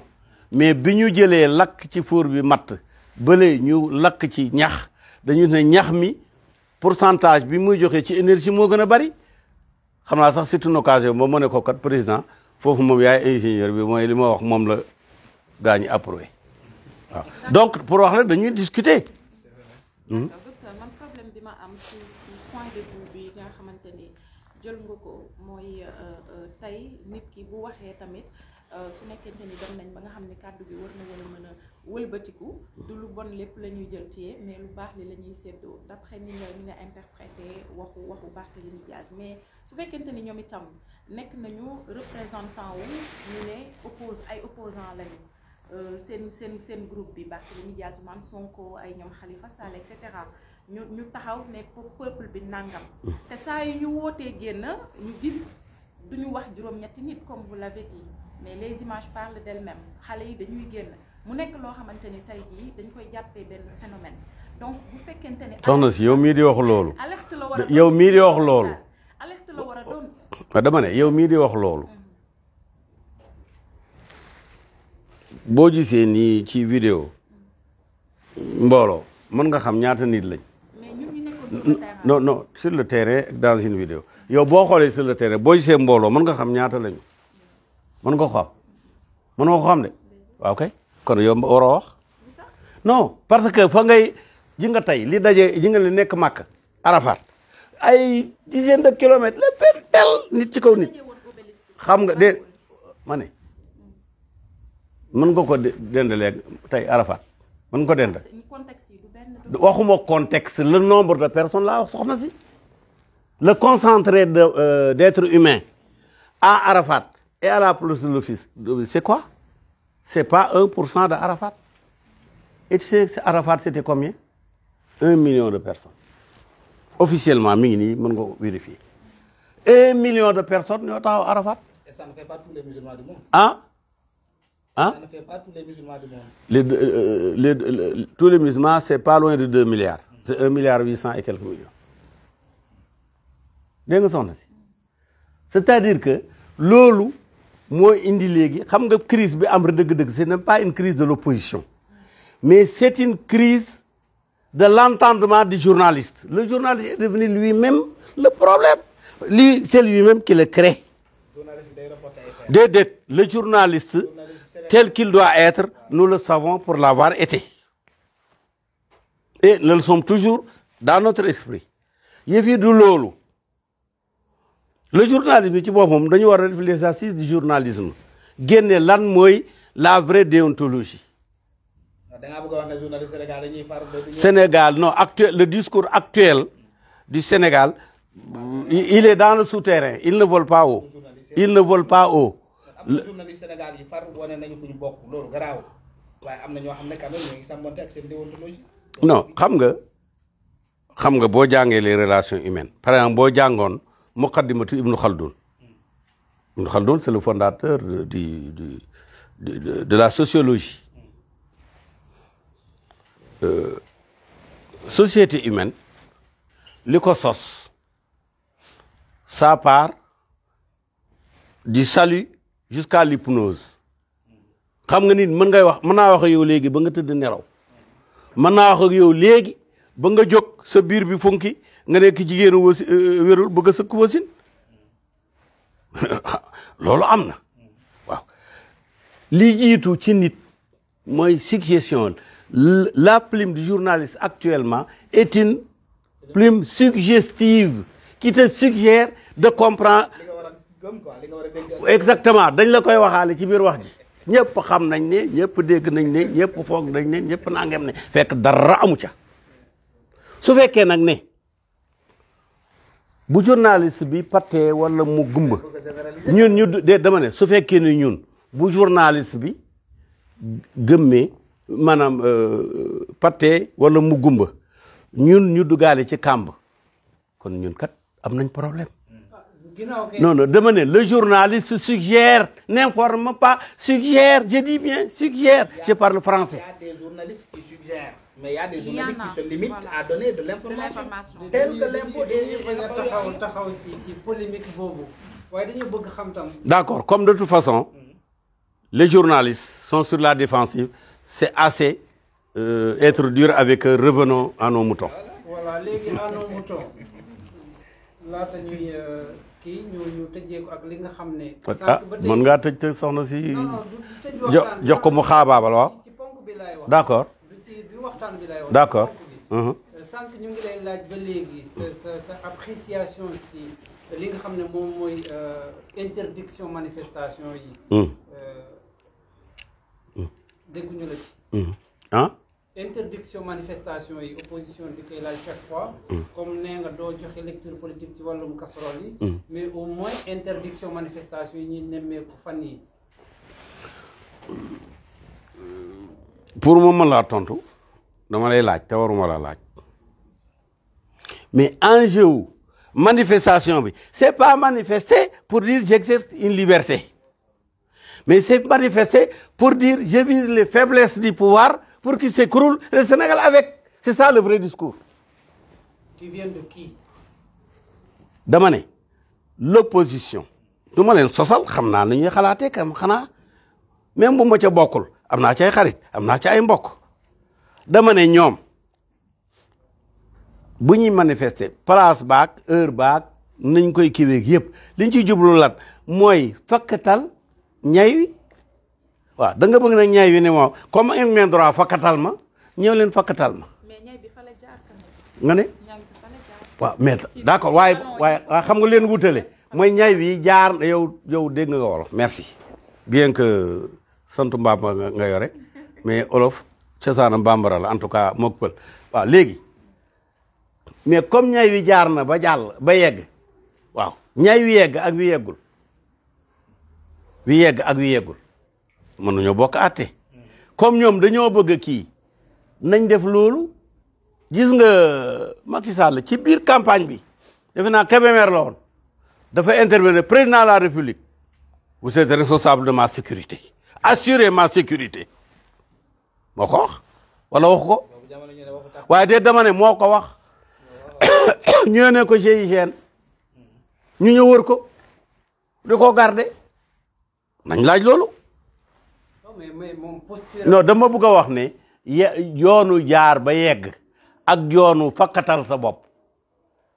mais bi ñu jëlee lakk ci four bi matt bële ñu lakk ci ñax dañu ne ñax mi pour centage bi muy joxee ci énergie moo gën a bari xam naa sax surtout occasion moom mu ne ko kat président foofu moom yaay ingénieur bi mooy li ma wax moom la gaa ñi donc pour wax la dañuy discuter. Hmm? Hmm? mooy euh, euh, tey nit ki bu waxee tamit euh, su nekkente nga xam ni kàddu gi war na wala mën a. wëlbatiku du lu bon lépp la ñuy jël téye mais lu baax li la ñuy séddoo d'après ni nga ni nga interprété waxu waxu Barthélémy Dias mais su fekkente ni ñoom itam nekk nañu représentant wu ñu ne oppose ay opposant lañu euh, seen seen seen groupe bi Barthélémy Dias Ousmane Sonko ay ñoom Khalifa Sall et cetera ñu ñu taxaw ne peuple bi nangam te saa yu ñu wootee génn ñu gis duñu wax juróom-ñetti nit comme vous l'avez dit mais les images parlent d'elles-mêmes xale yi dañuy génn mu nekk si yow mii di wax loolu. yow mii di wax loolu. alerte a ah, dama ne yow mii di wax loolu. Mm-hmm. boo gisee nii ci vidéo mbooloo mën nga xam ñaata nit lañ. non non sur le terrain dans une vidéo yow boo xoolee sur le terrain boo gisee mbooloo mën nga xam ñaata lañu mën nga ko xam mën nga ko xam de waaw mm-hmm. ah, kay. kon yow waroo wax non parce que fa ngay ji nga tey li daje ji nga li nekk makk Arafat ay dizaine de kilomètres la per tel nit ci kaw nit xam nga de ma ne mën nga ko dendalee tey Arafat mën nga ko denda waxuma contexte le nombre de personnes la wax soxna si le concentré de euh, d'êtres humains a Arafat et à la place l'Office c'est quoi c'est pas 1% de Arafat. Et tu sais, Arafat, c'était combien 1 million de personnes. Officiellement, Mingini, on peut vérifier. 1 million de personnes, nous à Arafat. Et ça ne fait ah? Ah? tous les musulmans du monde. les euh, musulmans du monde. Les, c'est pas loin de deux milliards. C'est 1 milliard 800 et quelques millions. C'est-à-dire que, loolu mooy indi léegi xam nga crise bi am dëgg-dëgg ce n'est pas une crise de l'opposition mais c'est une crise de l'entendement de journaliste le journaliste est devenu lui-même le problème lui c'est lui-même qui le crée déedéet le journaliste tel qu'il doit être nous le savons pour l'avoir été et nous le sommes toujours dans notre esprit yëf yi du loolu le journalisme ci boppam dañu war a def les assises du journalisme génne lan mooy la vraie déontologie. Ah, da ngaa bëgg a Sénégal dañuy Sénégal non actuel le discours actuel du Sénégal il est dans le souterrain il ne vole pas haut. il ne vole pas haut. am yi far wane nañu ñu bokk loolu waaye am na ñoo xam ne xam nga xam nga boo jàngee les relation humaines par exemple boo jàngoon. muqaddimatu Ibn Khaldun. Ibn Khaldun c'est le fondateur du du de, de, la sociologie. Euh, société humaine li ko sos ça part du salut jusqu'à l'hypnose xam nga nit mën ngay wax mën naa wax yow léegi ba nga tëdd nelaw mën naa wax ak yow léegi ba nga jóg sa biir bi funki nga nekk jigéenu wasi euh, euh, wérul bëgg a sëkk loolu am na waaw lii jiitu ci nit mooy suggestion la plume du journaliste actuellement est une plume suggestive qui te suggère de comprendre exactement dañ la koy waxaale ci biir wax ji ñëpp xam nañ ne ñëpp dégg nañ ne ñëpp foog nañ ne ñëpp nangem ne fekk dara amu ca su fekkee nag ne bu journaliste bi pattee wala mu gumba ñun ñu de dama ne su fekkee ne ñun bu journaliste bi gëmmee maanaam euh, pattee wala mu gumba ñun ñu dugaale ci kàmb kon ñun kat am nañ problème non non dama le journaliste suggère n'informe pas suggère je dis bien suggère je parle français. il y a des journalistes qui suggèrent. mais il y a des journalistes qui se limitent à donner de l'information tel que l'info est taxaw taxaw ci ci polémique boobu waaye dañu bëgg xam tam. d'accord comme de toute façon les journalistes sont sur la défensive c'est assez euh, être dur avec eux revenons à nos ki ñu ñu tëjee ko ak li nga xam ne. ah mën ngaa tëj te soxna si. jox ko mu xaabaabal waaw. ci ponk bi laay wax xam ne moom mooy euh, interdiction manifestation yi. Mm. Euh, mm. dégguñu la ci. Mm. ah. interdiction manifestation yi opposition bi koy laaj chaque fois. Mm. comme nee nga doo joxe lecture politique ci wàllum casserole yi. Mm. mais au moins interdiction manifestation yi ñuy nemmeeku fan yi pour moom laa tontu dama lay laaj te waruma la laaj mais enjeu manifestation bi c'est pas manifeste pour dire j'exerce une liberté mais c'est manifester pour dire je vise les faiblesses du pouvoir. pour qu'il s'écroule le Sénégal avec c'est ça le vrai discours. qui vient l'opposition du ma leen sosal xam naa nu ñuy xalaatee kam xanaa même bu ma ca bokkul am naa ci ay xarit am na ci ay mbokk dama ñoom bu ñuy manifeste place baak heure baak nañ koy kiiweeg yëpp liñ ciy jublu lan mooy fakkatal ñay. waaw da nga bëgg nag ñaay wi ne moom comme un main droit fakkatal ma ñëw leen fakkatal ma. mais ñaay bi fa nga ne. waaw mais d'accord waaye waaye xam nga leen wutale mooy ñaay wi jaar yow yow dégg nga wolof merci. bien que sant Mbamba nga yore mais olof cosaanam bambara la en tout cas mook pël waaw léegi mais comme ñaay wi jaar na ba jàll ba yegg waaw ñaay wi yegg ak wi yeggul wi yegg ak wi yeggul. mënuñoo bokk àtte comme ñoom dañoo bëgg kii nañ def loolu gis nga euh, Macky Sall ci biir campagne bi defe naa Kébémer la woon dafa intervenir président de la République vous êtes responsable de ma sécurité assurez ma sécurité moo ko wax wala wax ko waaye de dama ne moo ko wax ñu ne ko GIGN ñu ñëw wër ko di ko garder nañ laaj loolu non dama bëgg wax ne yoonu jaar ba yegg ak yoonu fakkatal sa bopp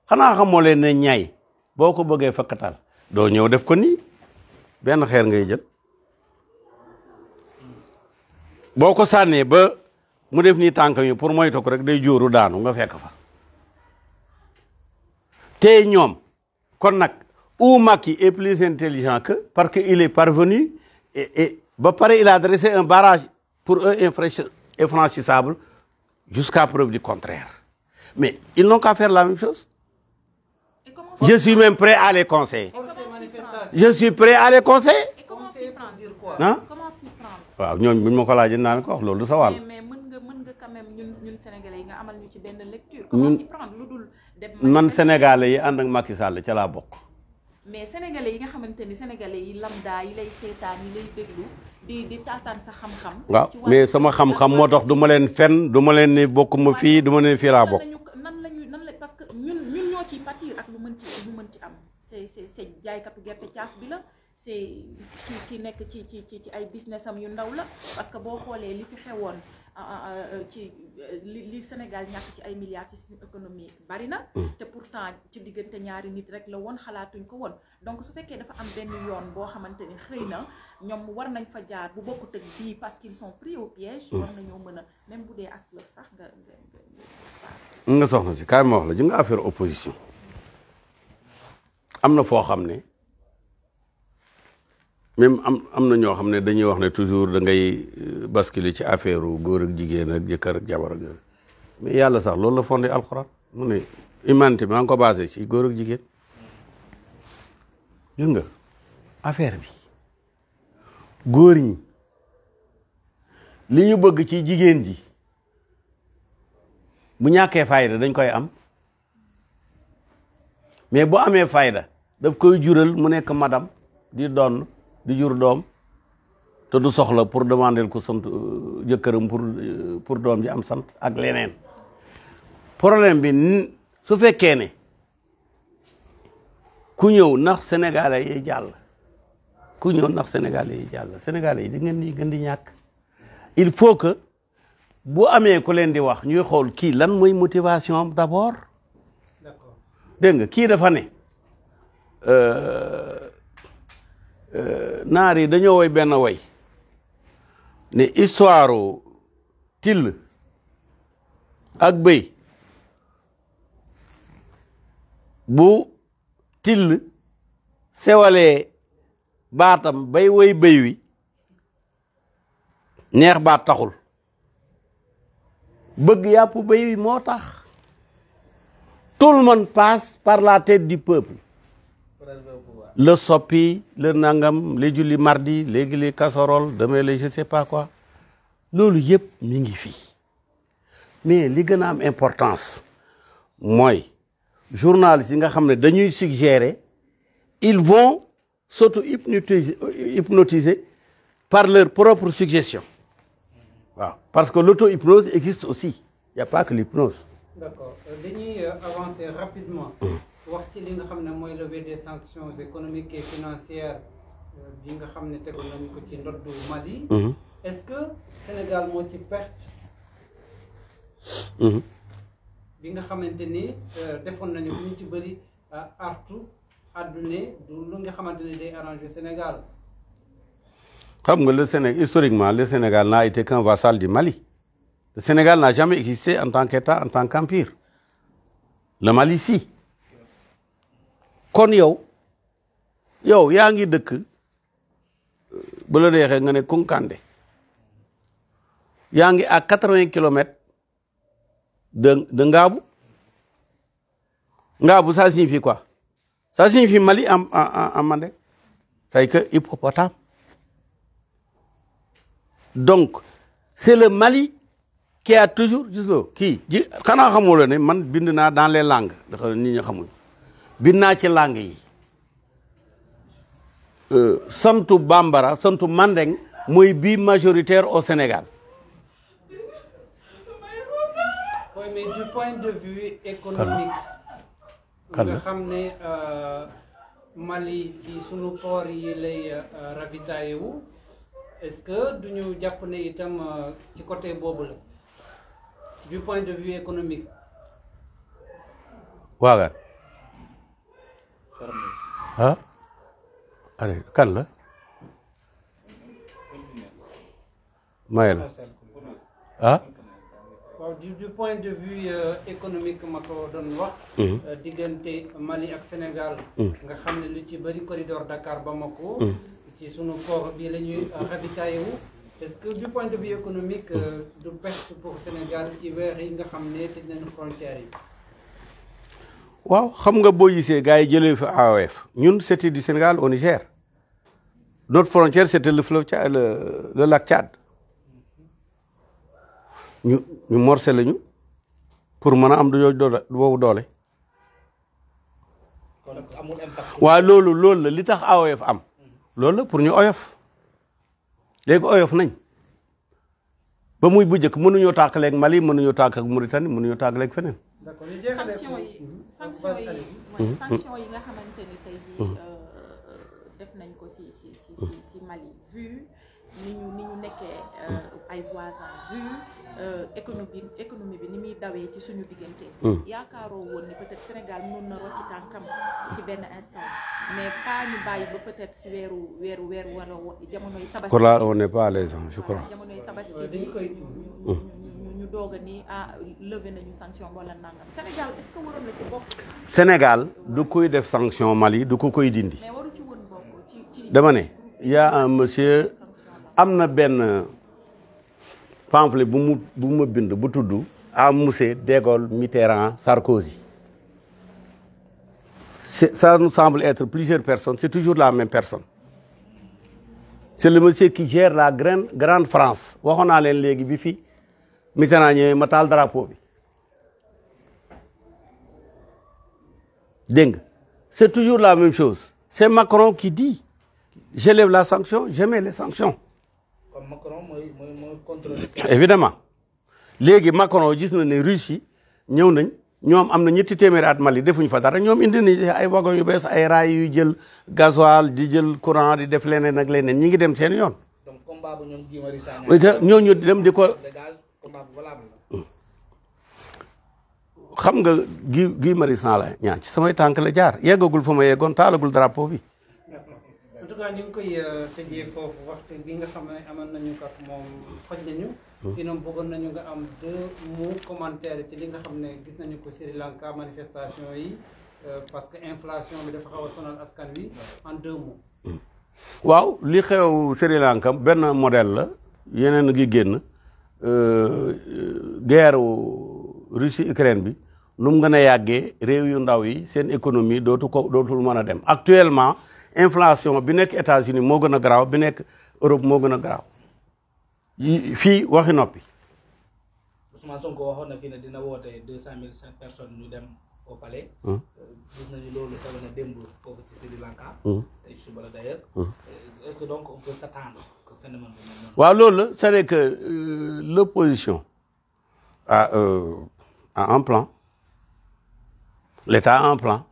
xanaa xamoo leen ne ñay boo ko bëggee fakkatal doo ñëw def ko nii benn xeer ngay jël boo ko sànnee ba mu def nii tànk yi pour moytu ko rek day jóoru daanu nga fekk fa te ñoom kon nag ou Macky est plus intelligent que parce que il est parvenu ba pare il a dressé un barrage pour eux infranchissable jusqu'à preuve du contraire mais ils n'ont qu'à faire la même chose je suis même prêt à les conseiller je suis prêt à les conseiller waaw ñooñu bu ñu ma ko laajee naa ne ko wax loolu du sa wàll ñun man sénégalais yi ànd ak Macky Sall ca laa bokk mais sénégalais yi nga xamante ni sénégalais yi lambda yi lay seetaan yi lay déglu di taataan sa xam-xam. waaw mais sama xam-xam moo tax duma leen fen du ma leen ni bokk ma fii du ma leen fii laa bokk. nan la ñu nan la parce que ñun ñun ñoo ciy pâtir ak lu mën ci am se se c'est jaaykatu gerte caaf bi la. se ki ki nekk ci ci ci ay business am yu ndaw la parce que boo xoolee li fi xewoon. Euh, ci euh, li li Sénégal ñàkk ci ay milliards ci suñu économie bari na. Mm. te pourtant ci diggante ñaari nit rek la woon xalaatuñ ko woon donc su fekkee dafa am benn yoon boo xamante ni xëy na ñoom war nañ fa jaar bu bokkut ak bii parce qu'ils sont pris au piège. Mm. war nañoo mën a même bu dee as sax nga nga. nga soxna si kaay ma wax la ji nga affaire opposition am na foo xam ne. même am am na ñoo xam ne dañuy wax ne toujours da ngay euh, basculer ci affaire góor ak jigéen ak jëkkër ak jabar ak mais yàlla sax loolu la fondé alxuraan mu ne humanité maa ngi ko base ci góor jigéen gis nga affaire bi góor li ñu bëgg ci jigéen ji bu ñàkkee fayda dañ koy am mais bu amee fayda daf koy jural mu nekk madam di donn du jur doom te du soxla pour demander ko sant euh, jëkkëram euh, pour doom ji am sant ak leneen problème bi su fekkee ne ku ñëw ndax sénégalais yi jàll ku ñëw nax sénégalais yi jàll sénégalais yi da ngeen di gën di ñàkk il faut que bu amee ku leen di wax ñuy xool kii lan mooy motivation am d'abord dégg nga kii dafa ne euh, Euh, naar yi dañoo woy benn woy ne histoire till ak bëy bu till sewalee baatam bay woy bëy wi ñeex baat taxul bëgg yàpp bëy wi moo tax tout le monde passe par la tête du peuple le soppi le nangam les julli mardi léegi les casseroles demain les je sais pas quoi loolu yëpp mi ngi fii mais li gën a am importance mooy journalistes yi nga xam ne dañuy suggérer ils vont s'auto-hypnotiser par leur propre suggestion waaw parce que l'auto-hypnose existe aussi il y l'hypnose wax ci li nga xam ne mooy levée des sanctions économiques et financières euh, bi nga xam ne tegoon nañu ko ci ndoddu Mali. Mhm. est-ce que Sénégal moo ci perte. Mhm. bi nga xamante ni euh, defoon nañu bu ñu ci bëri artu àddune du lu nga xamante ni day arrangé Sénégal. xam nga le Sénégal historiquement le Sénégal n'a été qu'un vassal du Mali. Le Sénégal n'a jamais existé en tant qu'État, en tant qu'empire. Le Mali si. kon yow yow yaa ngi dëkk bu la neexee nga ne Kunkande yaa ngi à quatre-vingts kilomètres de de Ngaabu Ngaabu ça signifie quoi ça signifie Mali en en en mandé c'est que hippopotame donc c'est le Mali qui a toujours gis nga kii ji xanaa xamuloo ne man bind naa dans les langues dafa nit ñi xamul. bind ci langue yi euh, santu bambara santu mandeng mooy bii majoritaire au Sénégal oui mais nga xam ne euh, Mali ci sunu port yi lay euh, ravitaillé est-ce que du ñu jàpp ne itam ci côté boobu la du point de vue économique ah allez kan la may la ah. waaw du du point de vue euh, économique ma ko doon wax. Mhm. Euh, diggante Mali ak Sénégal. Mhm. nga xam ne lu ci bëri corridor Dakar Bamako. Mhm. ci sunu port bi la ñuy ravitaillé euh, ce que du point de vue économique. du perte pour Sénégal ci weer yi nga xam ne tëj nañu frontières yi. waaw xam nga boo gisee gars yi jëlee fa AOF ñun c'était du Sénégal au Niger notre frontière c'était le fleuve Tchad le, le lac ñu ñu morcelé ñu pour mën a am du boobu doole. amul impact. loolu loolu la li tax AOF am. loolu la pour ñu oyof léegi oyof nañ ba muy bu njëkk mënuñoo tàqaleeg Mali mënuñoo tàqaleeg Mauritanie mënuñoo tàqaleeg feneen. d'accord sanction yi mooy mhm. nga xamante ni tey mhm. euh, def nañ ko mhm. si Mali vu ni ñu nekkee euh, ay voisins vu euh, économie bi ni muy dawee ci suñu diggante yaakaaroo woon ni peut Sénégal mën na rocci tànkam ci benn instant mais pas ñu bàyyi ba peut-être weeru weeru weeru jamonoy tabaski on n'est pas à l'aise doog a ni ah, Sénégal du koy def sanction Mali du ko koy dindi. mais dama ne y a un monsieur am na benn pamphlet bu mu bu bu tudd. à Moussé de Gaulle Mitterrand Sarkozy. ça nous semble être plusieurs personnes c'est toujours la même personne. c'est le monsieur qui la grande France waxoon léegi bi fii Mitterrand ñëwee ma taal drapeau bi dégg nga c'est toujours la même chose c'est Macron qui dit j'élève la sanction je mets les sanctions. évidemment léegi Macron gis na ne Russie ñëw nañ ñoom am na ñetti téeméeri at Mali defuñu fa dara ñoom indi ay wagon yu bees ay raay yu jël gasoil di jël courant di def leneen ak leneen ñi ngi dem seen yoon. donc combat dem di ko. xam nga gi gi mari san la ñaan ci samay tànk la jaar yeggagul fa ma yeggoon taalagul drapeau bi. en tout cas ñu ngi koy euh, tëjee foofu waxtu bi nga xam ne amoon nañu kat moom xoj nañu. Hmm. sinon bëggoon nañu nga am deux mots commentaire ci li nga xam ne gis nañu ko Sri Lanka manifestation yi euh, parce que inflation bi dafa xaw sonal askan wi en deux mots. Hmm. waaw li xew Sri Lanka benn modèle la yeneen gi génn. Euh, euh, guerre Russie Ukraine bi nu mu gën a yàggee réew yu ndaw yi seen économie dootu ko dootul mën a dem actuellement inflation bi nekk États-Unis moo gën a garaaw bi nekk Europe moo gën a garaaw fii waxi noppi. Ousmane Sonko waxoon na fii dina woote deux cent mille personnes ñu dem au euh, na démb foofu ci Sri Lanka. tey suba la d'ailleurs. est que donc on peut s'attendre waaw loolu la cest à que euh, l'opposition a euh, a un plan l'État a un plan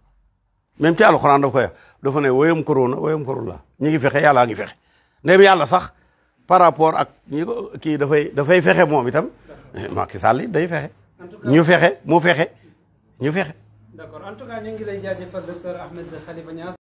même ci alxuraan daf koy wax dafa ne woyam korona woyam korona ñu ngi fexe yàllaa ngi fexe ndem yàlla sax par rapport ak ñi kii dafay dafay fexe moom itam eh, Macky Sall it day fexe ñu fexe mu fexe ñu fexe